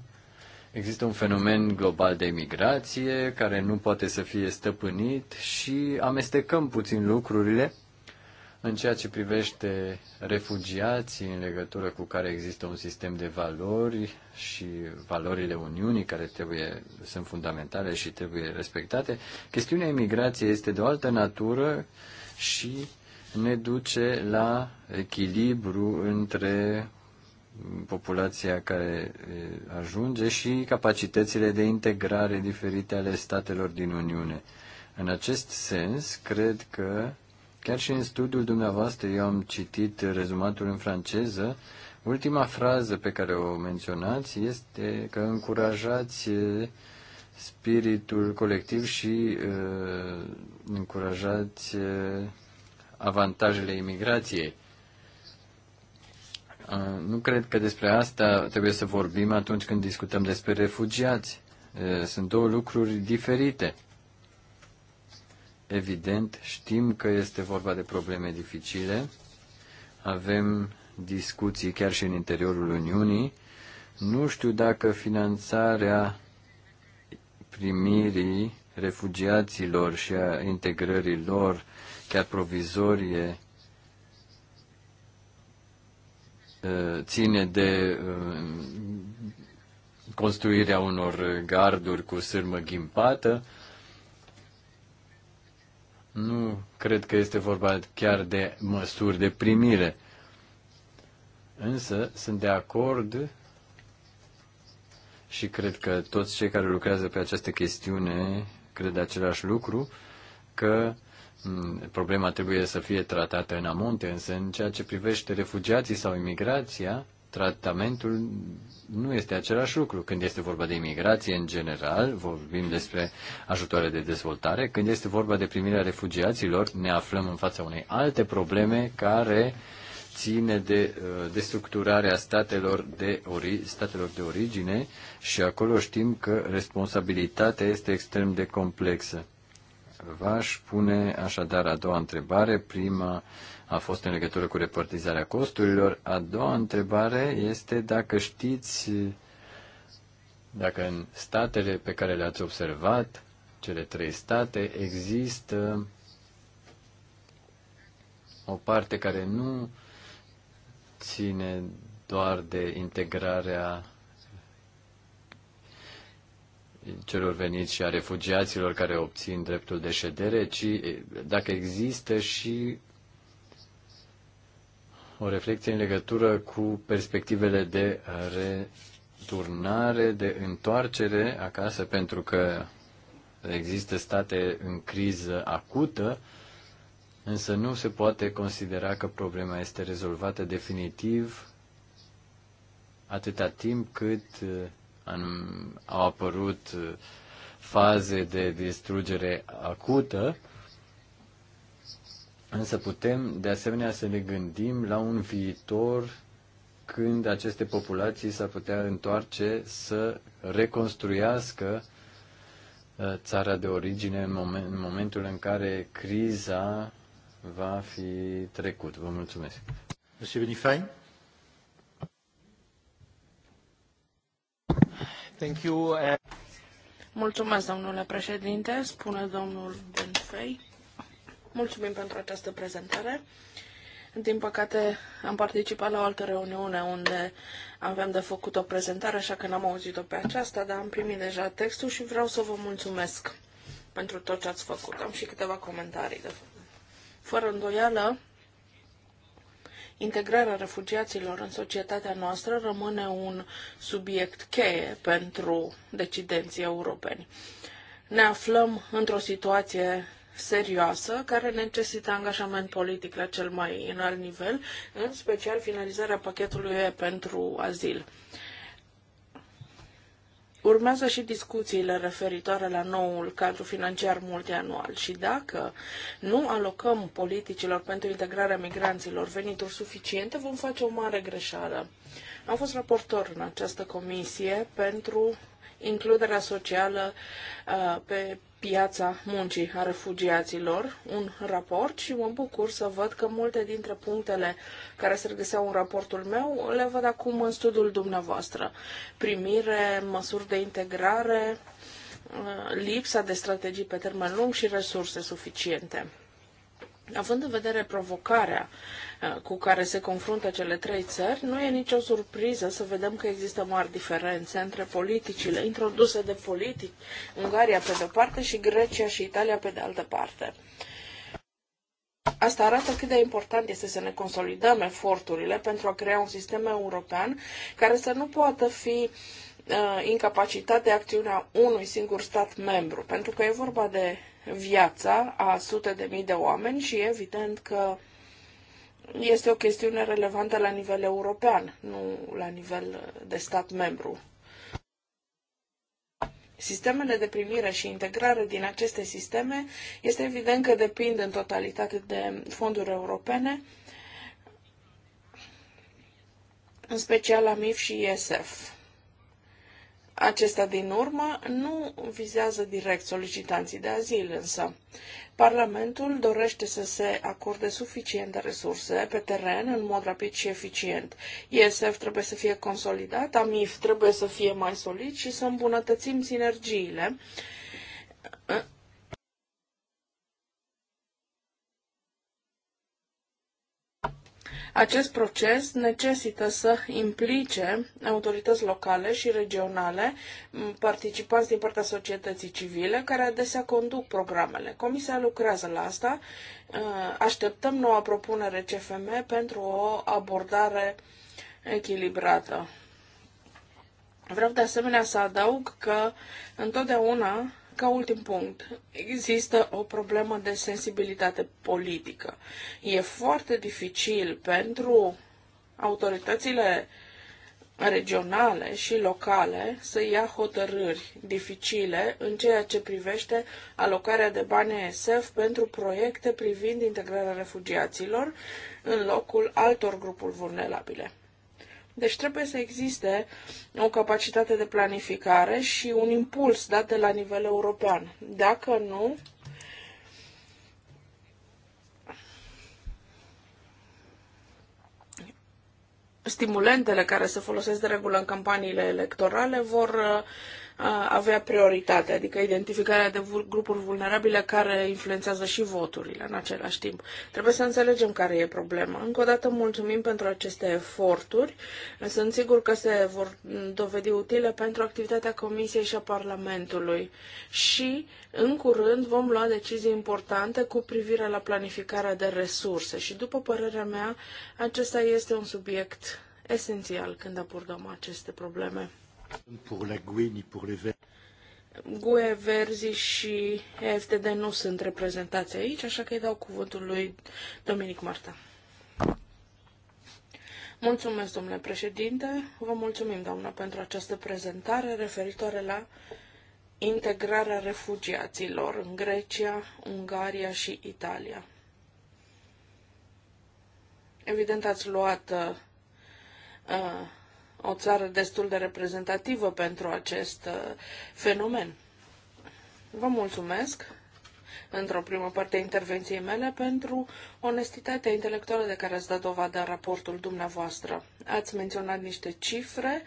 Există un fenomen global de migrație care nu poate să fie stăpânit și amestecăm puțin lucrurile în ceea ce privește refugiații în legătură cu care există un sistem de valori și valorile Uniunii care trebuie, sunt fundamentale și trebuie respectate. Chestiunea imigrației este de o altă natură și ne duce la echilibru între populația care ajunge și capacitățile de integrare diferite ale statelor din Uniune. În acest sens, cred că, chiar și în studiul dumneavoastră, eu am citit rezumatul în franceză, ultima frază pe care o menționați este că încurajați spiritul colectiv și uh, încurajați avantajele imigrației. Nu cred că despre asta trebuie să vorbim atunci când discutăm despre refugiați. Sunt două lucruri diferite. Evident, știm că este vorba de probleme dificile. Avem discuții chiar și în interiorul Uniunii. Nu știu dacă finanțarea primirii refugiaților și a integrării lor, chiar provizorie, ține de uh, construirea unor garduri cu sârmă ghimpată. Nu cred că este vorba chiar de măsuri de primire. Însă sunt de acord și cred că toți cei care lucrează pe această chestiune cred același lucru, că Mm, problema trebuie să fie tratată în amonte, însă în ceea ce privește refugiații sau imigrația, tratamentul nu este același lucru. Când este vorba de imigrație, în general, vorbim despre ajutoare de dezvoltare. Când este vorba de primirea refugiaților, ne aflăm în fața unei alte probleme care ține de uh, destructurarea statelor de, ori, statelor de origine și acolo știm că responsabilitatea este extrem de complexă. V-aș pune așadar a doua întrebare. Prima a fost în legătură cu repartizarea costurilor. A doua întrebare este dacă știți dacă în statele pe care le-ați observat, cele trei state, există o parte care nu ține doar de integrarea celor veniți și a refugiaților care obțin dreptul de ședere, ci dacă există și o reflecție în legătură cu perspectivele de returnare, de întoarcere acasă, pentru că există state în criză acută, însă nu se poate considera că problema este rezolvată definitiv atâta timp cât în, au apărut uh, faze de distrugere acută, însă putem de asemenea să ne gândim la un viitor când aceste populații s-ar putea întoarce să reconstruiască uh, țara de origine în, moment, în momentul în care criza va fi trecut. Vă mulțumesc. Monsieur Benifai? Thank you. Uh, mulțumesc, domnule președinte, spune domnul Benfei. Mulțumim pentru această prezentare. Din păcate, am participat la o altă reuniune unde aveam de făcut o prezentare, așa că n-am auzit-o pe aceasta, dar am primit deja textul și vreau să vă mulțumesc pentru tot ce ați făcut. Am și câteva comentarii de făcut. Fără îndoială, integrarea refugiaților în societatea noastră rămâne un subiect cheie pentru decidenții europeni. Ne aflăm într-o situație serioasă care necesită angajament politic la cel mai înalt nivel, în special finalizarea pachetului pentru azil. Urmează și discuțiile referitoare la noul cadru financiar multianual și dacă nu alocăm politicilor pentru integrarea migranților venituri suficiente, vom face o mare greșeală. Am fost raportor în această comisie pentru includerea socială uh, pe piața muncii a refugiaților, un raport și mă bucur să văd că multe dintre punctele care se regăseau în raportul meu le văd acum în studiul dumneavoastră. Primire, măsuri de integrare, uh, lipsa de strategii pe termen lung și resurse suficiente. Având în vedere provocarea uh, cu care se confruntă cele trei țări, nu e nicio surpriză să vedem că există mari diferențe între politicile introduse de politic Ungaria pe de-o parte și Grecia și Italia pe de altă parte. Asta arată cât de important este să ne consolidăm eforturile pentru a crea un sistem european care să nu poată fi uh, incapacitat de acțiunea unui singur stat membru, pentru că e vorba de viața a sute de mii de oameni și evident că este o chestiune relevantă la nivel european, nu la nivel de stat membru. Sistemele de primire și integrare din aceste sisteme este evident că depind în totalitate de fonduri europene, în special la MIF și ISF. Acesta din urmă nu vizează direct solicitanții de azil, însă Parlamentul dorește să se acorde suficiente resurse pe teren în mod rapid și eficient. ISF trebuie să fie consolidat, AMIF trebuie să fie mai solid și să îmbunătățim sinergiile Acest proces necesită să implice autorități locale și regionale, participanți din partea societății civile, care adesea conduc programele. Comisia lucrează la asta. Uh, așteptăm noua propunere CFM pentru o abordare echilibrată. Vreau de asemenea să adaug că întotdeauna ca ultim punct, există o problemă de sensibilitate politică. E foarte dificil pentru autoritățile regionale și locale să ia hotărâri dificile în ceea ce privește alocarea de bani ESF pentru proiecte privind integrarea refugiaților în locul altor grupuri vulnerabile. Deci trebuie să existe o capacitate de planificare și un impuls dat de la nivel european. Dacă nu, stimulentele care se folosesc de regulă în campaniile electorale vor uh, avea prioritate, adică identificarea de grupuri vulnerabile care influențează și voturile în același timp. Trebuie să înțelegem care e problema. Încă o dată mulțumim pentru aceste eforturi. Sunt sigur că se vor dovedi utile pentru activitatea Comisiei și a Parlamentului. Și în curând vom lua decizii importante cu privire la planificarea de resurse și, după părerea mea, acesta este un subiect esențial când abordăm aceste probleme. Pour la GUE, ni GUE, Verzi și FTD nu sunt reprezentați aici, așa că îi dau cuvântul lui Dominic Marta. Mulțumesc, domnule președinte. Vă mulțumim, doamnă, pentru această prezentare referitoare la integrarea refugiaților în Grecia, Ungaria și Italia. Evident, ați luat uh, o țară destul de reprezentativă pentru acest uh, fenomen. Vă mulțumesc într-o primă parte a intervenției mele pentru onestitatea intelectuală de care ați dat dovadă în raportul dumneavoastră. Ați menționat niște cifre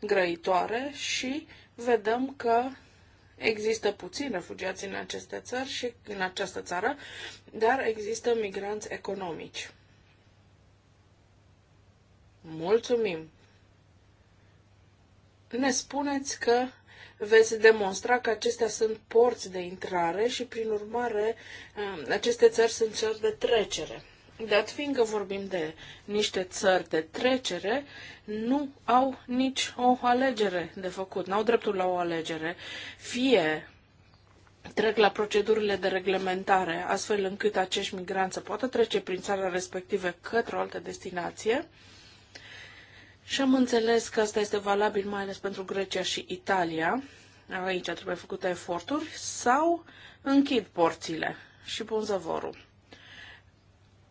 grăitoare și vedem că există puțini refugiați în aceste țări și în această țară, dar există migranți economici. Mulțumim ne spuneți că veți demonstra că acestea sunt porți de intrare și, prin urmare, um, aceste țări sunt țări de trecere. Dat fiindcă vorbim de niște țări de trecere, nu au nici o alegere de făcut, nu au dreptul la o alegere. Fie trec la procedurile de reglementare, astfel încât acești migranți să poată trece prin țara respectivă către o altă destinație, și am înțeles că asta este valabil mai ales pentru Grecia și Italia, aici trebuie făcute eforturi, sau închid porțile și pun zăvorul.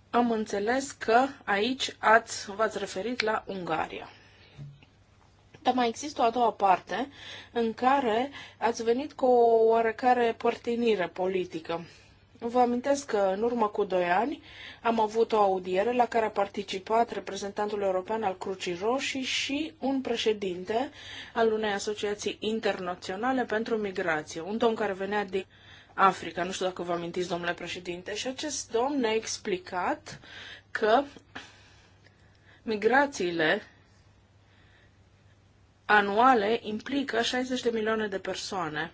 Am înțeles că aici ați, v-ați referit la Ungaria. Dar mai există o a doua parte în care ați venit cu o oarecare părtinire politică. Vă amintesc că în urmă cu doi ani am avut o audiere la care a participat reprezentantul european al Crucii Roșii și un președinte al unei asociații internaționale pentru migrație, un domn care venea din Africa, nu știu dacă vă amintiți, domnule președinte, și acest domn ne-a explicat că migrațiile anuale implică 60 de milioane de persoane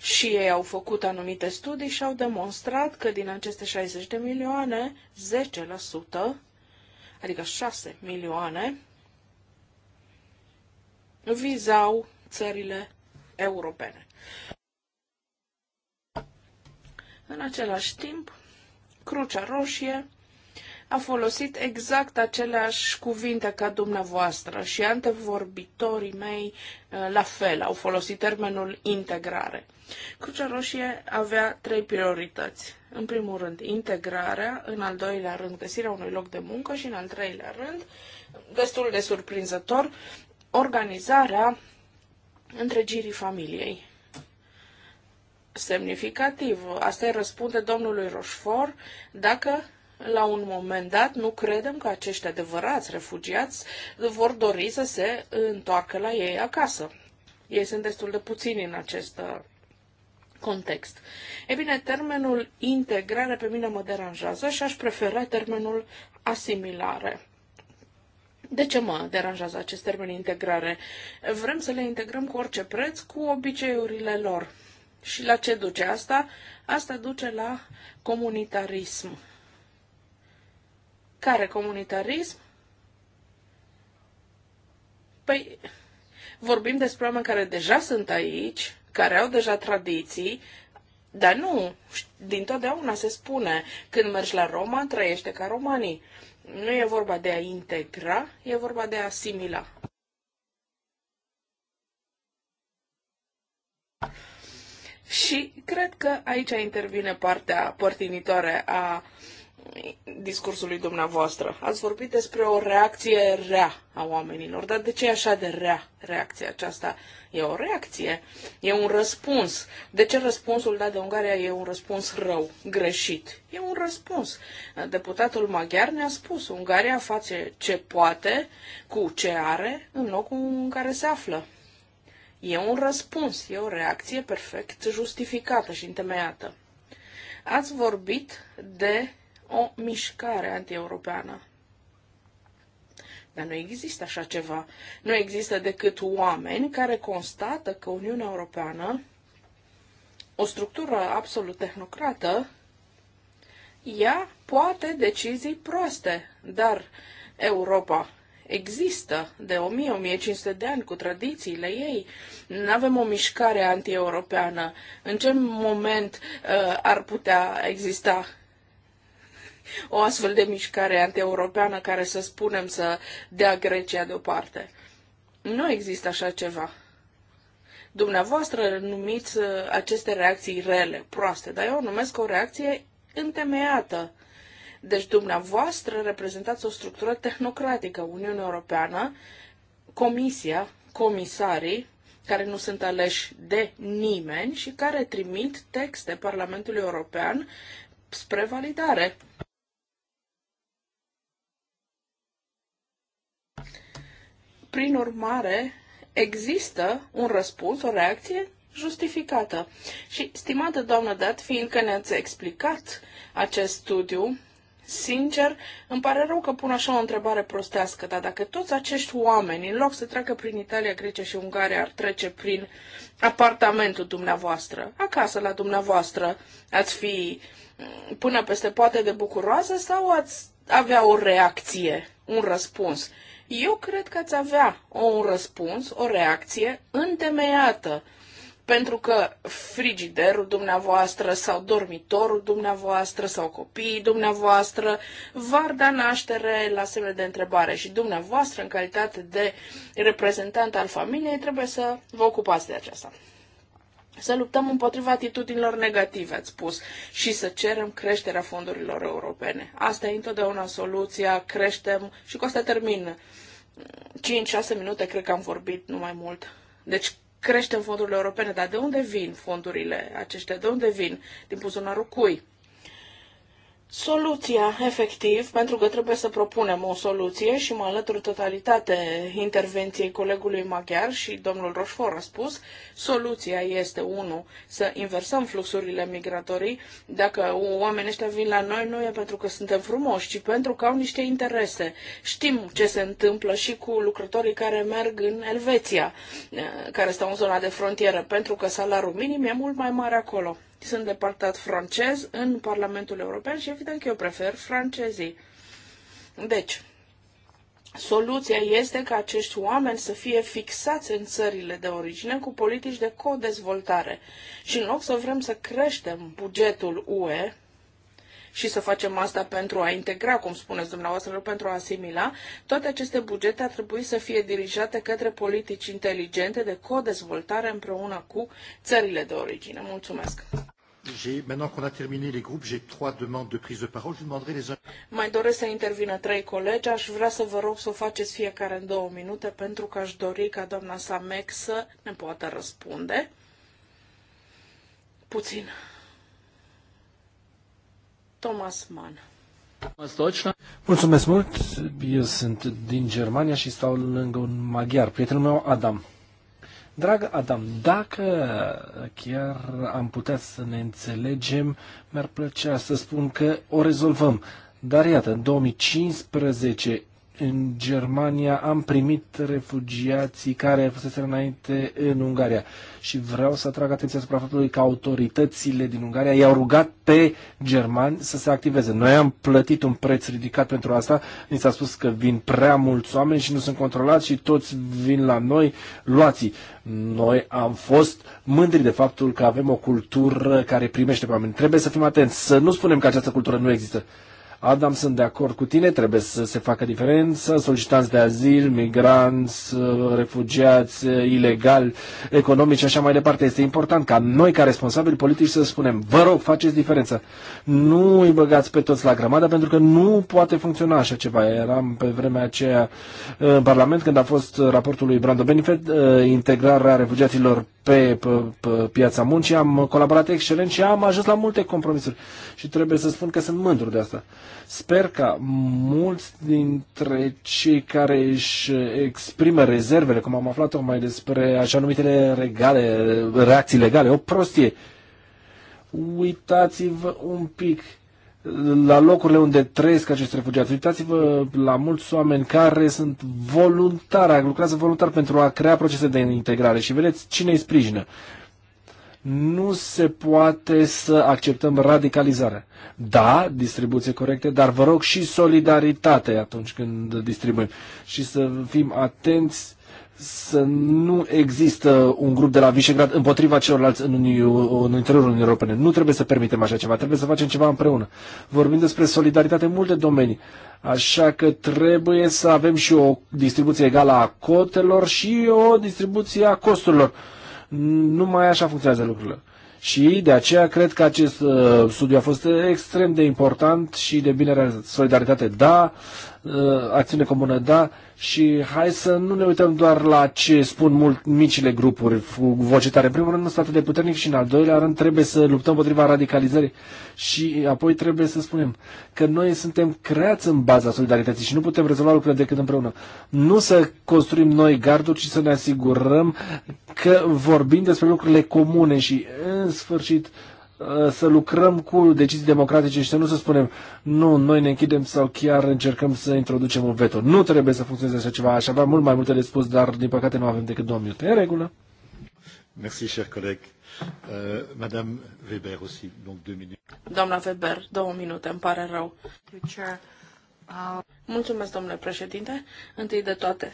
și ei au făcut anumite studii și au demonstrat că din aceste 60 de milioane, 10%, adică 6 milioane, vizau țările europene. În același timp, Crucea Roșie a folosit exact aceleași cuvinte ca dumneavoastră și antevorbitorii mei uh, la fel au folosit termenul integrare. Crucea Roșie avea trei priorități. În primul rând, integrarea, în al doilea rând, găsirea unui loc de muncă și în al treilea rând, destul de surprinzător, organizarea întregirii familiei semnificativ. Asta îi răspunde domnului Roșfor, dacă la un moment dat nu credem că acești adevărați refugiați vor dori să se întoarcă la ei acasă. Ei sunt destul de puțini în acest uh, context. E bine, termenul integrare pe mine mă deranjează și aș prefera termenul asimilare. De ce mă deranjează acest termen integrare? Vrem să le integrăm cu orice preț, cu obiceiurile lor. Și la ce duce asta? Asta duce la comunitarism. Care comunitarism? Păi, vorbim despre oameni care deja sunt aici, care au deja tradiții, dar nu, din totdeauna se spune, când mergi la Roma, trăiește ca romanii. Nu e vorba de a integra, e vorba de a asimila. Și cred că aici intervine partea părtinitoare a uh, discursului dumneavoastră. Ați vorbit despre o reacție rea a oamenilor. Dar de ce e așa de rea reacția aceasta? E o reacție, e un răspuns. De ce răspunsul dat de Ungaria e un răspuns rău, greșit? E un răspuns. Deputatul maghiar ne-a spus, Ungaria face ce poate cu ce are în locul în care se află. E un răspuns, e o reacție perfect justificată și întemeiată. Ați vorbit de o mișcare antieuropeană. Dar nu există așa ceva. Nu există decât oameni care constată că Uniunea Europeană, o structură absolut tehnocrată, ea poate decizii proaste, dar Europa există de 1000-1500 de ani cu tradițiile ei. Nu avem o mișcare antieuropeană. În ce moment uh, ar putea exista o astfel de mișcare antieuropeană care să spunem să dea Grecia deoparte. Nu există așa ceva. Dumneavoastră numiți uh, aceste reacții rele, proaste, dar eu o numesc o reacție întemeiată. Deci dumneavoastră reprezentați o structură tehnocratică, Uniunea Europeană, Comisia, comisarii, care nu sunt aleși de nimeni și care trimit texte Parlamentului European spre validare. Prin urmare, există un răspuns, o reacție justificată. Și, stimată doamnă Dat, fiindcă ne-ați explicat acest studiu, sincer, îmi pare rău că pun așa o întrebare prostească, dar dacă toți acești oameni, în loc să treacă prin Italia, Grecia și Ungaria, ar trece prin apartamentul dumneavoastră, acasă la dumneavoastră, ați fi mm, până peste poate de bucuroasă sau ați avea o reacție, un răspuns? eu cred că ați avea un răspuns, o reacție întemeiată. Pentru că frigiderul dumneavoastră sau dormitorul dumneavoastră sau copiii dumneavoastră va da naștere la semne de întrebare și dumneavoastră, în calitate de reprezentant al familiei, trebuie să vă ocupați de aceasta. Să luptăm împotriva atitudinilor negative, ați spus, și să cerem creșterea fondurilor europene. Asta e întotdeauna soluția, creștem și cu asta termin. 5-6 minute cred că am vorbit, nu mai mult. Deci creștem fondurile europene, dar de unde vin fondurile acestea? De unde vin? Din buzunarul cui? soluția, efectiv, pentru că trebuie să propunem o soluție și mă alătur totalitate intervenției colegului maghiar și domnul Roșfor a spus, soluția este, unu, să inversăm fluxurile migratorii. Dacă oamenii ăștia vin la noi, nu e pentru că suntem frumoși, ci pentru că au niște interese. Știm ce se întâmplă și cu lucrătorii care merg în Elveția, eh, care stau în zona de frontieră, pentru că salariul minim e mult mai mare acolo sunt de partat francez în Parlamentul European și evident că eu prefer francezii. Deci, soluția este ca acești oameni să fie fixați în țările de origine cu politici de codezvoltare. Și în loc să vrem să creștem bugetul UE, și să facem asta pentru a integra, cum spuneți dumneavoastră, pentru a asimila, toate aceste bugete ar trebui să fie dirijate către politici inteligente de co-dezvoltare împreună cu țările de origine. Mulțumesc! Mai doresc să intervină trei colegi. Aș vrea să vă rog să o faceți fiecare în două minute pentru că aș dori ca doamna Samec să ne poată răspunde. Puțin Thomas Mann. Mulțumesc mult. Eu sunt din Germania și stau lângă un maghiar, prietenul meu Adam. Dragă Adam, dacă chiar am putea să ne înțelegem, mi-ar plăcea să spun că o rezolvăm. Dar iată, în 2015 în Germania am primit refugiații care fusese înainte în Ungaria. Și vreau să atrag atenția asupra faptului că autoritățile din Ungaria i-au rugat pe germani să se activeze. Noi am plătit un preț ridicat pentru asta. Ni s-a spus că vin prea mulți oameni și nu sunt controlați și toți vin la noi, luați Noi am fost mândri de faptul că avem o cultură care primește pe oameni. Trebuie să fim atenți, să nu spunem că această cultură nu există. Adam, sunt de acord cu tine, trebuie să se facă diferență, solicitanți de azil, migranți, uh, refugiați, uh, ilegali, economici așa mai departe. Este important ca noi, ca responsabili politici, să spunem, vă rog, faceți diferență. Nu îi băgați pe toți la grămadă, pentru că nu poate funcționa așa ceva. Eram pe vremea aceea uh, în Parlament, când a fost raportul lui Brando Benefit, integrarea refugiaților pe, pe, pe piața muncii, am colaborat excelent și am ajuns la multe compromisuri. Și trebuie să spun că sunt mândru de asta. Sper ca mulți dintre cei care își exprimă rezervele, cum am aflat mai despre așa numitele regale, reacții legale, o prostie. Uitați-vă un pic la locurile unde trăiesc acești refugiați. Uitați-vă la mulți oameni care sunt voluntari, lucrează voluntar pentru a crea procese de integrare și vedeți cine îi sprijină nu se poate să acceptăm radicalizarea. Da, distribuție corectă, dar vă rog și solidaritate atunci când distribuim și să fim atenți să nu există un grup de la Visegrad împotriva celorlalți în, Uniu, în interiorul Uniunii Europene. Nu trebuie să permitem așa ceva, trebuie să facem ceva împreună. Vorbim despre solidaritate în multe domenii, așa că trebuie să avem și o distribuție egală a cotelor și o distribuție a costurilor. Uh, nu mai așa funcționează lucrurile. Și de aceea cred că acest uh, studiu a fost extrem de important și de bine realizat. Solidaritate, da, Uh, acțiune comună, da, și hai să nu ne uităm doar la ce spun mult micile grupuri cu voce tare. În primul rând, nu sunt atât de puternic și în al doilea rând trebuie să luptăm potriva radicalizării și apoi trebuie să spunem că noi suntem creați în baza solidarității și nu putem rezolva lucrurile decât împreună. Nu să construim noi garduri, ci să ne asigurăm că vorbim despre lucrurile comune și, în sfârșit, uh, Eh, să lucrăm cu decizii democratice și să nu să spunem nu, noi ne închidem sau chiar încercăm să introducem un veto. Nu trebuie să funcționeze așa ceva. Aș avea mult mai multe de spus, dar din păcate nu avem decât două minute. În regulă. Merci, cher coleg. Uh, Madame Weber aussi, donc deux minutes. Doamna Weber, două minute, îmi pare rău. Uh, Mulțumesc, domnule președinte. Întâi de toate,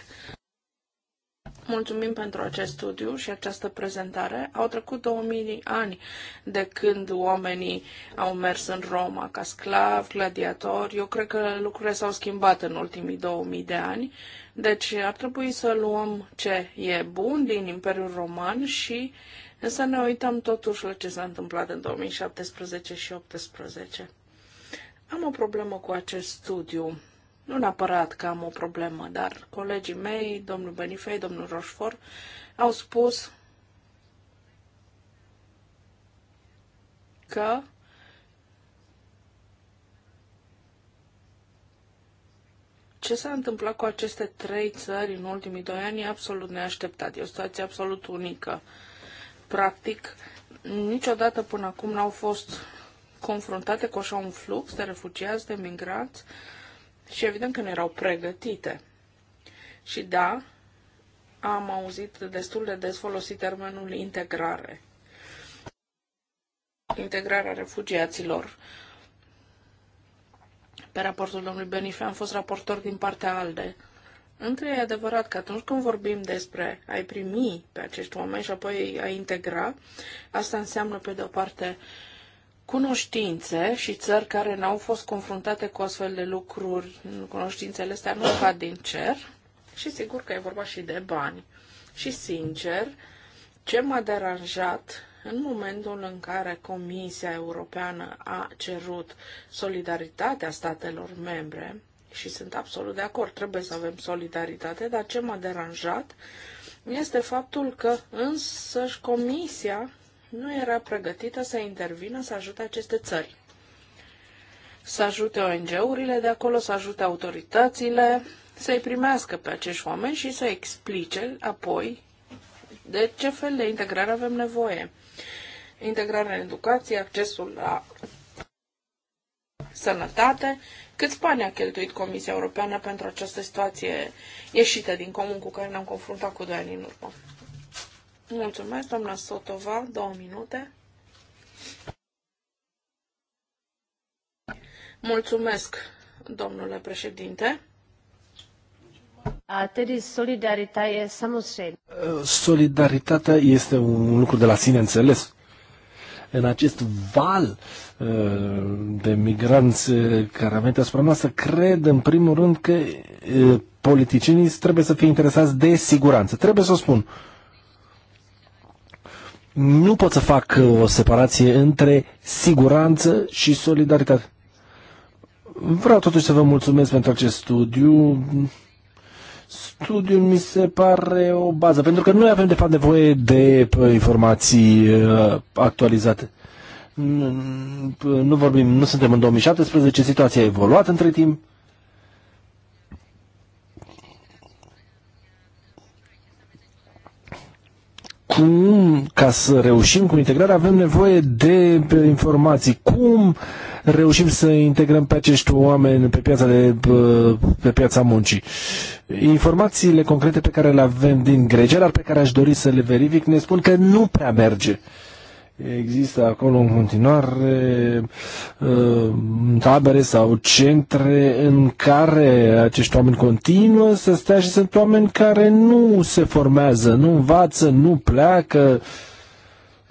Mulțumim pentru acest studiu și această prezentare. Au trecut 2000 ani de când oamenii au mers în Roma ca sclav, gladiator. Eu cred că lucrurile s-au schimbat în ultimii 2000 de ani. Deci ar trebui să luăm ce e bun din Imperiul Roman și să ne uităm totuși la ce s-a întâmplat în 2017 și 2018. Am o problemă cu acest studiu nu neapărat că am o problemă, dar colegii mei, domnul Benifei, domnul Roșfor, au spus că ce s-a întâmplat cu aceste trei țări în ultimii doi ani e absolut neașteptat. E o situație absolut unică. Practic, niciodată până acum n-au fost confruntate cu așa un flux de refugiați, de migranți, și evident că nu erau pregătite. Și da, am auzit destul de des folosit termenul integrare. Integrarea refugiaților. Pe raportul domnului Benife am fost raportor din partea ALDE. Între e adevărat că atunci când vorbim despre ai primi pe acești oameni și apoi a integra, asta înseamnă pe de o parte uh, cunoștințe și țări care n-au fost confruntate cu astfel de lucruri, cunoștințele astea nu cad din cer și sigur că e vorba și de bani. Și sincer, ce m-a deranjat în momentul în care Comisia Europeană a cerut solidaritatea statelor membre, și sunt absolut de acord, trebuie să avem solidaritate, dar ce m-a deranjat este faptul că însăși Comisia nu era pregătită să intervină să ajute aceste țări. Să ajute ONG-urile de acolo, să ajute autoritățile, să-i primească pe acești oameni și să explice apoi de ce fel de integrare avem nevoie. Integrarea în educație, accesul la sănătate, câți bani a cheltuit Comisia Europeană pentru această situație ieșită din comun cu care ne-am confruntat cu doi ani în urmă. Mulțumesc, doamna Sotova, două minute. Mulțumesc, domnule președinte. solidaritatea Solidaritatea este un lucru de la sine înțeles. În acest val uh, de migranți uh, care a venit asupra noastră, cred în primul rând că uh, politicienii trebuie să fie interesați de siguranță. Trebuie să o spun nu pot să fac uh, o separație între siguranță și solidaritate. Vreau totuși să vă mulțumesc pentru acest studiu. Studiul mi se pare o bază, pentru că noi avem de fapt nevoie de uh, informații uh, actualizate. Nu, nu vorbim, nu suntem în 2017, situația a evoluat între timp cum, ca să reușim cu integrarea, avem nevoie de informații. Cum reușim să integrăm pe acești oameni pe piața, de, pe piața muncii? Informațiile concrete pe care le avem din Grecia, dar pe care aș dori să le verific, ne spun că nu prea merge. Uh, Există acolo în continuare uh, tabere sau centre în care acești oameni continuă să stea și sunt oameni care nu se formează, nu învață, nu pleacă,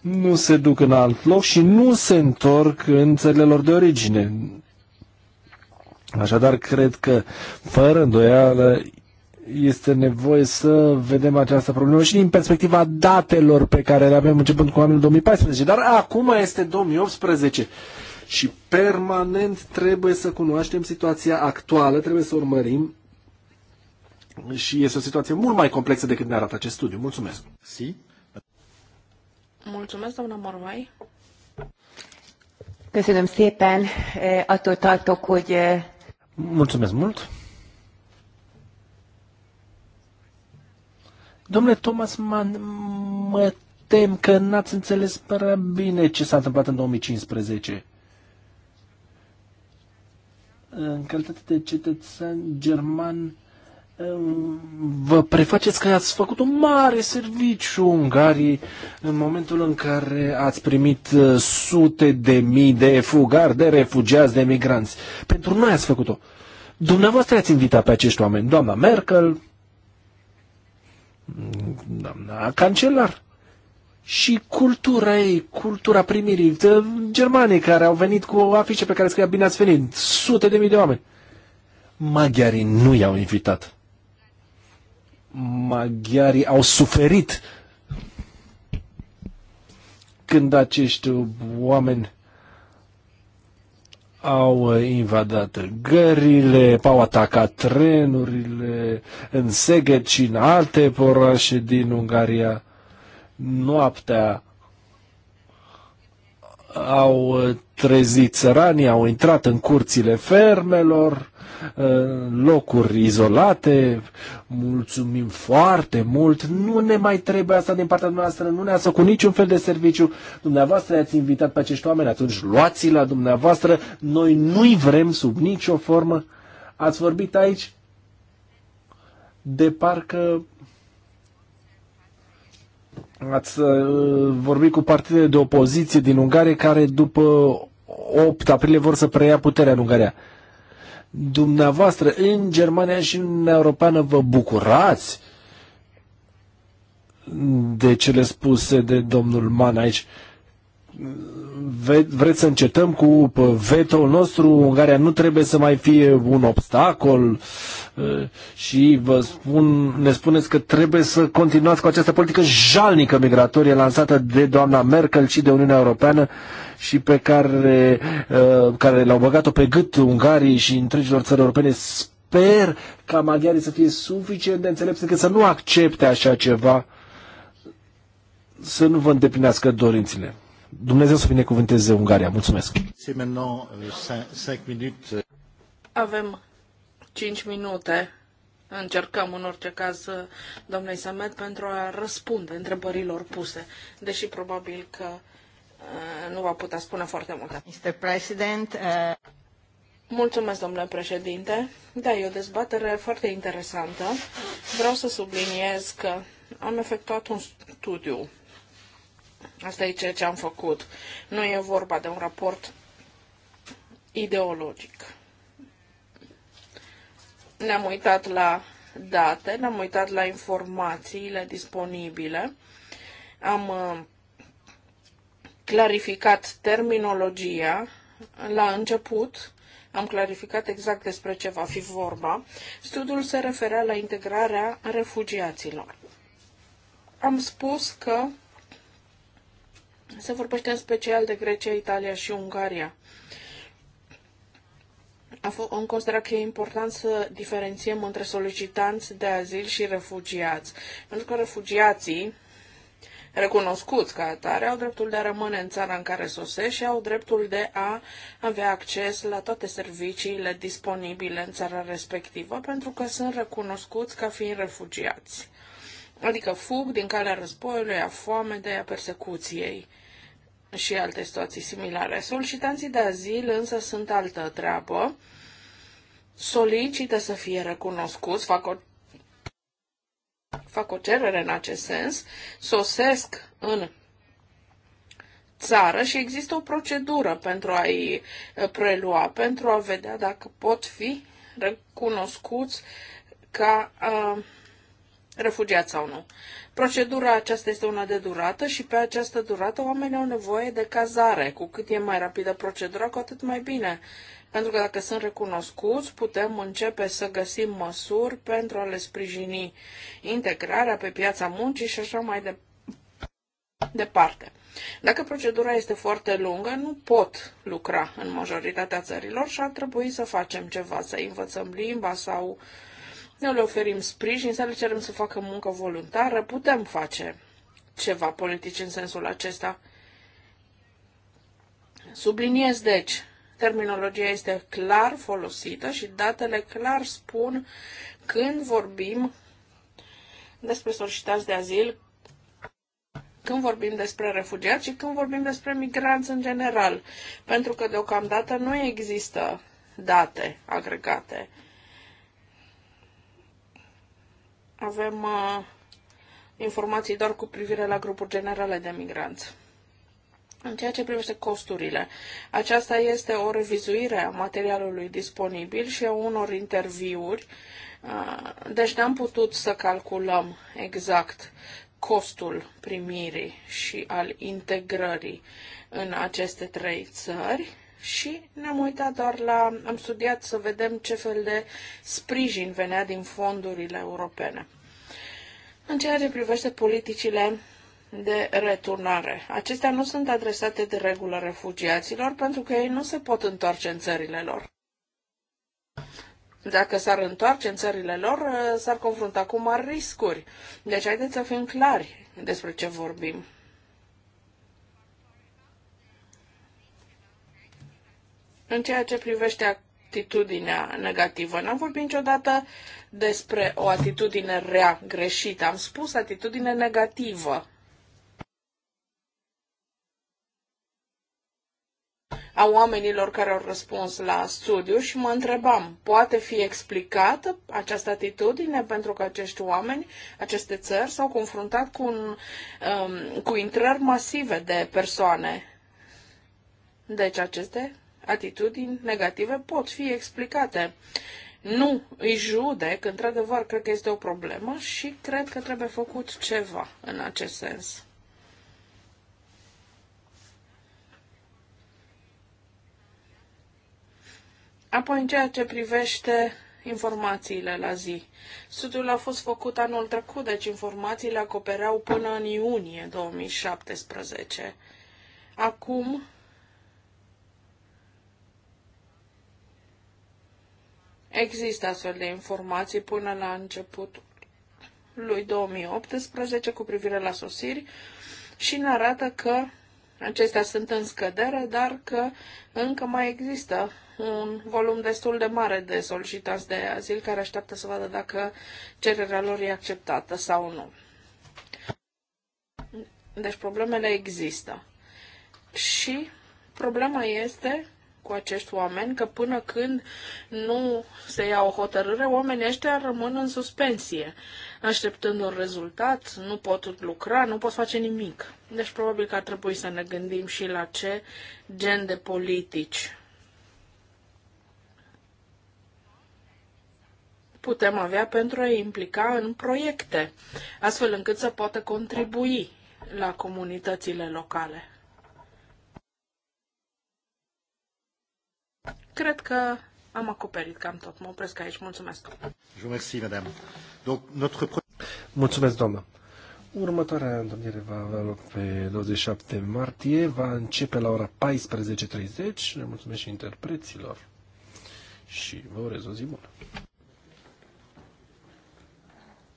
nu se duc în alt loc și nu se întorc în țările lor de origine. Așadar, cred că, fără îndoială, este nevoie să vedem această problemă și din perspectiva datelor pe care le avem începând cu anul 2014. Dar acum este 2018 și permanent trebuie să cunoaștem situația actuală, trebuie să urmărim și este o situație mult mai complexă decât ne arată acest studiu. Mulțumesc! Si? Mulțumesc, doamna Morvai! Köszönöm szépen, eh, attól tartok, hogy... Eh, Mulțumesc mult! Domnule Thomas Mann, mă tem că n-ați înțeles prea bine ce s-a întâmplat în 2015. În calitate de cetățean german, uh, vă prefaceți că ați făcut un mare serviciu Ungariei în momentul în care ați primit uh, sute de mii de fugari, de refugiați, de migranți. Pentru noi ați făcut-o. Dumneavoastră ați invitat pe acești oameni, doamna Merkel, doamna cancelar. Și cultura ei, cultura primirii, germanii care au venit cu afișe pe care scria bine ați venit, sute de mii de oameni. Maghiarii nu i-au invitat. Maghiarii au suferit când acești oameni au uh, invadat gările, au atacat trenurile în Seged și în alte orașe din Ungaria. Noaptea au uh, trezit țăranii, au intrat în curțile fermelor, uh, locuri izolate, mulțumim foarte mult, nu ne mai trebuie asta din partea dumneavoastră, nu ne-ați făcut niciun fel de serviciu, dumneavoastră i-ați invitat pe acești oameni, atunci luați la dumneavoastră, noi nu-i vrem sub nicio formă. Ați vorbit aici de parcă ați uh, vorbit cu partidele de opoziție din Ungaria care după 8 aprilie vor să preia puterea în Ungaria. Dumneavoastră, în Germania și în Uniunea Europeană, vă bucurați de cele spuse de domnul Mann aici. Uh, vreți să încetăm cu veto-ul nostru, Ungaria nu trebuie să mai fie un obstacol și vă spun, ne spuneți că trebuie să continuați cu această politică jalnică migratorie lansată de doamna Merkel și de Uniunea Europeană și pe care, care l-au băgat-o pe gât Ungariei și întregilor țări europene sper ca maghiarii să fie suficient de înțelepți că să nu accepte așa ceva să nu vă îndeplinească dorințile. Dumnezeu să binecuvânteze Ungaria. Mulțumesc. Euh, euh. Avem 5 minute. Încercăm în orice caz, uh, domnului Samet, pentru a răspunde întrebărilor puse, deși probabil că uh, nu va putea spune foarte multe. Mr. President, uh... Mulțumesc, domnule președinte. Da, e o dezbatere foarte interesantă. Vreau să subliniez că am efectuat un studiu Asta e ceea ce am făcut. Nu e vorba de un raport ideologic. Ne-am uitat la date, ne-am uitat la informațiile disponibile, am uh, clarificat terminologia la început, am clarificat exact despre ce va fi vorba. Studiul se referea la integrarea refugiaților. Am spus că se vorbește în special de Grecia, Italia și Ungaria. Am considerat că e important să diferențiem între solicitanți de azil și refugiați. Pentru că refugiații, recunoscuți ca atare, au dreptul de a rămâne în țara în care sosesc și au dreptul de a avea acces la toate serviciile disponibile în țara respectivă, pentru că sunt recunoscuți ca fiind refugiați. Adică fug din calea războiului, a de a persecuției și alte situații similare. Solicitanții de azil însă sunt altă treabă. Solicită să fie recunoscuți, fac o, fac o cerere în acest sens, sosesc în țară și există o procedură pentru a-i uh, prelua, pentru a vedea dacă pot fi recunoscuți ca uh, refugiat sau nu. Procedura aceasta este una de durată și pe această durată oamenii au nevoie de cazare. Cu cât e mai rapidă procedura, cu atât mai bine. Pentru că dacă sunt recunoscuți, putem începe să găsim măsuri pentru a le sprijini integrarea pe piața muncii și așa mai departe. Dacă procedura este foarte lungă, nu pot lucra în majoritatea țărilor și ar trebui să facem ceva, să învățăm limba sau uh, ne le oferim sprijin, să le cerem să facă muncă voluntară, putem face ceva politic în sensul acesta. Subliniez, deci, terminologia este clar folosită și datele clar spun când vorbim despre solicitați de azil, când vorbim despre refugiați și când vorbim despre migranți în general. Pentru că deocamdată nu există date agregate. avem uh, informații doar cu privire la grupuri generale de migranți. În ceea ce privește costurile, aceasta este o revizuire a materialului disponibil și a unor interviuri, uh, deci n-am putut să calculăm exact costul primirii și al integrării în aceste trei țări și ne-am uitat doar la, am studiat să vedem ce fel de sprijin venea din fondurile europene. În ceea ce privește politicile de returnare. Acestea nu sunt adresate de regulă refugiaților pentru că ei nu se pot întoarce în țările lor. Dacă s-ar întoarce în țările lor, s-ar confrunta cu mari riscuri. Deci haideți să fim clari despre ce vorbim. În ceea ce privește atitudinea negativă, n-am vorbit niciodată despre o atitudine rea, greșită. Am spus atitudine negativă. a oamenilor care au răspuns la studiu și mă întrebam, poate fi explicată această atitudine pentru că acești oameni, aceste țări s-au confruntat cu, un, um, cu intrări masive de persoane. Deci aceste atitudini negative pot fi explicate. Nu îi judec, într-adevăr, cred că este o problemă și cred că trebuie făcut ceva în acest sens. Apoi, în ceea ce privește informațiile la zi. Studiul a fost făcut anul trecut, deci informațiile acopereau până în iunie 2017. Acum Există astfel de informații până la începutul lui 2018 cu privire la sosiri și ne arată că acestea sunt în scădere, dar că încă mai există un volum destul de mare de solicitați de azil care așteaptă să vadă dacă cererea lor e acceptată sau nu. Deci problemele există. Și problema este cu acești oameni că până când nu se ia o hotărâre, oamenii ăștia rămân în suspensie, așteptând un rezultat, nu pot lucra, nu pot face nimic. Deci probabil că ar trebui să ne gândim și la ce gen de politici putem avea pentru a implica în proiecte, astfel încât să poată contribui la comunitățile locale. Cred că am acoperit cam tot. Mă opresc aici. Mulțumesc. Mulțumesc, doamnă. Următoarea întâlnire va avea loc pe 27 martie, va începe la ora 14.30. Ne mulțumesc și interpreților și vă urez o zi bună.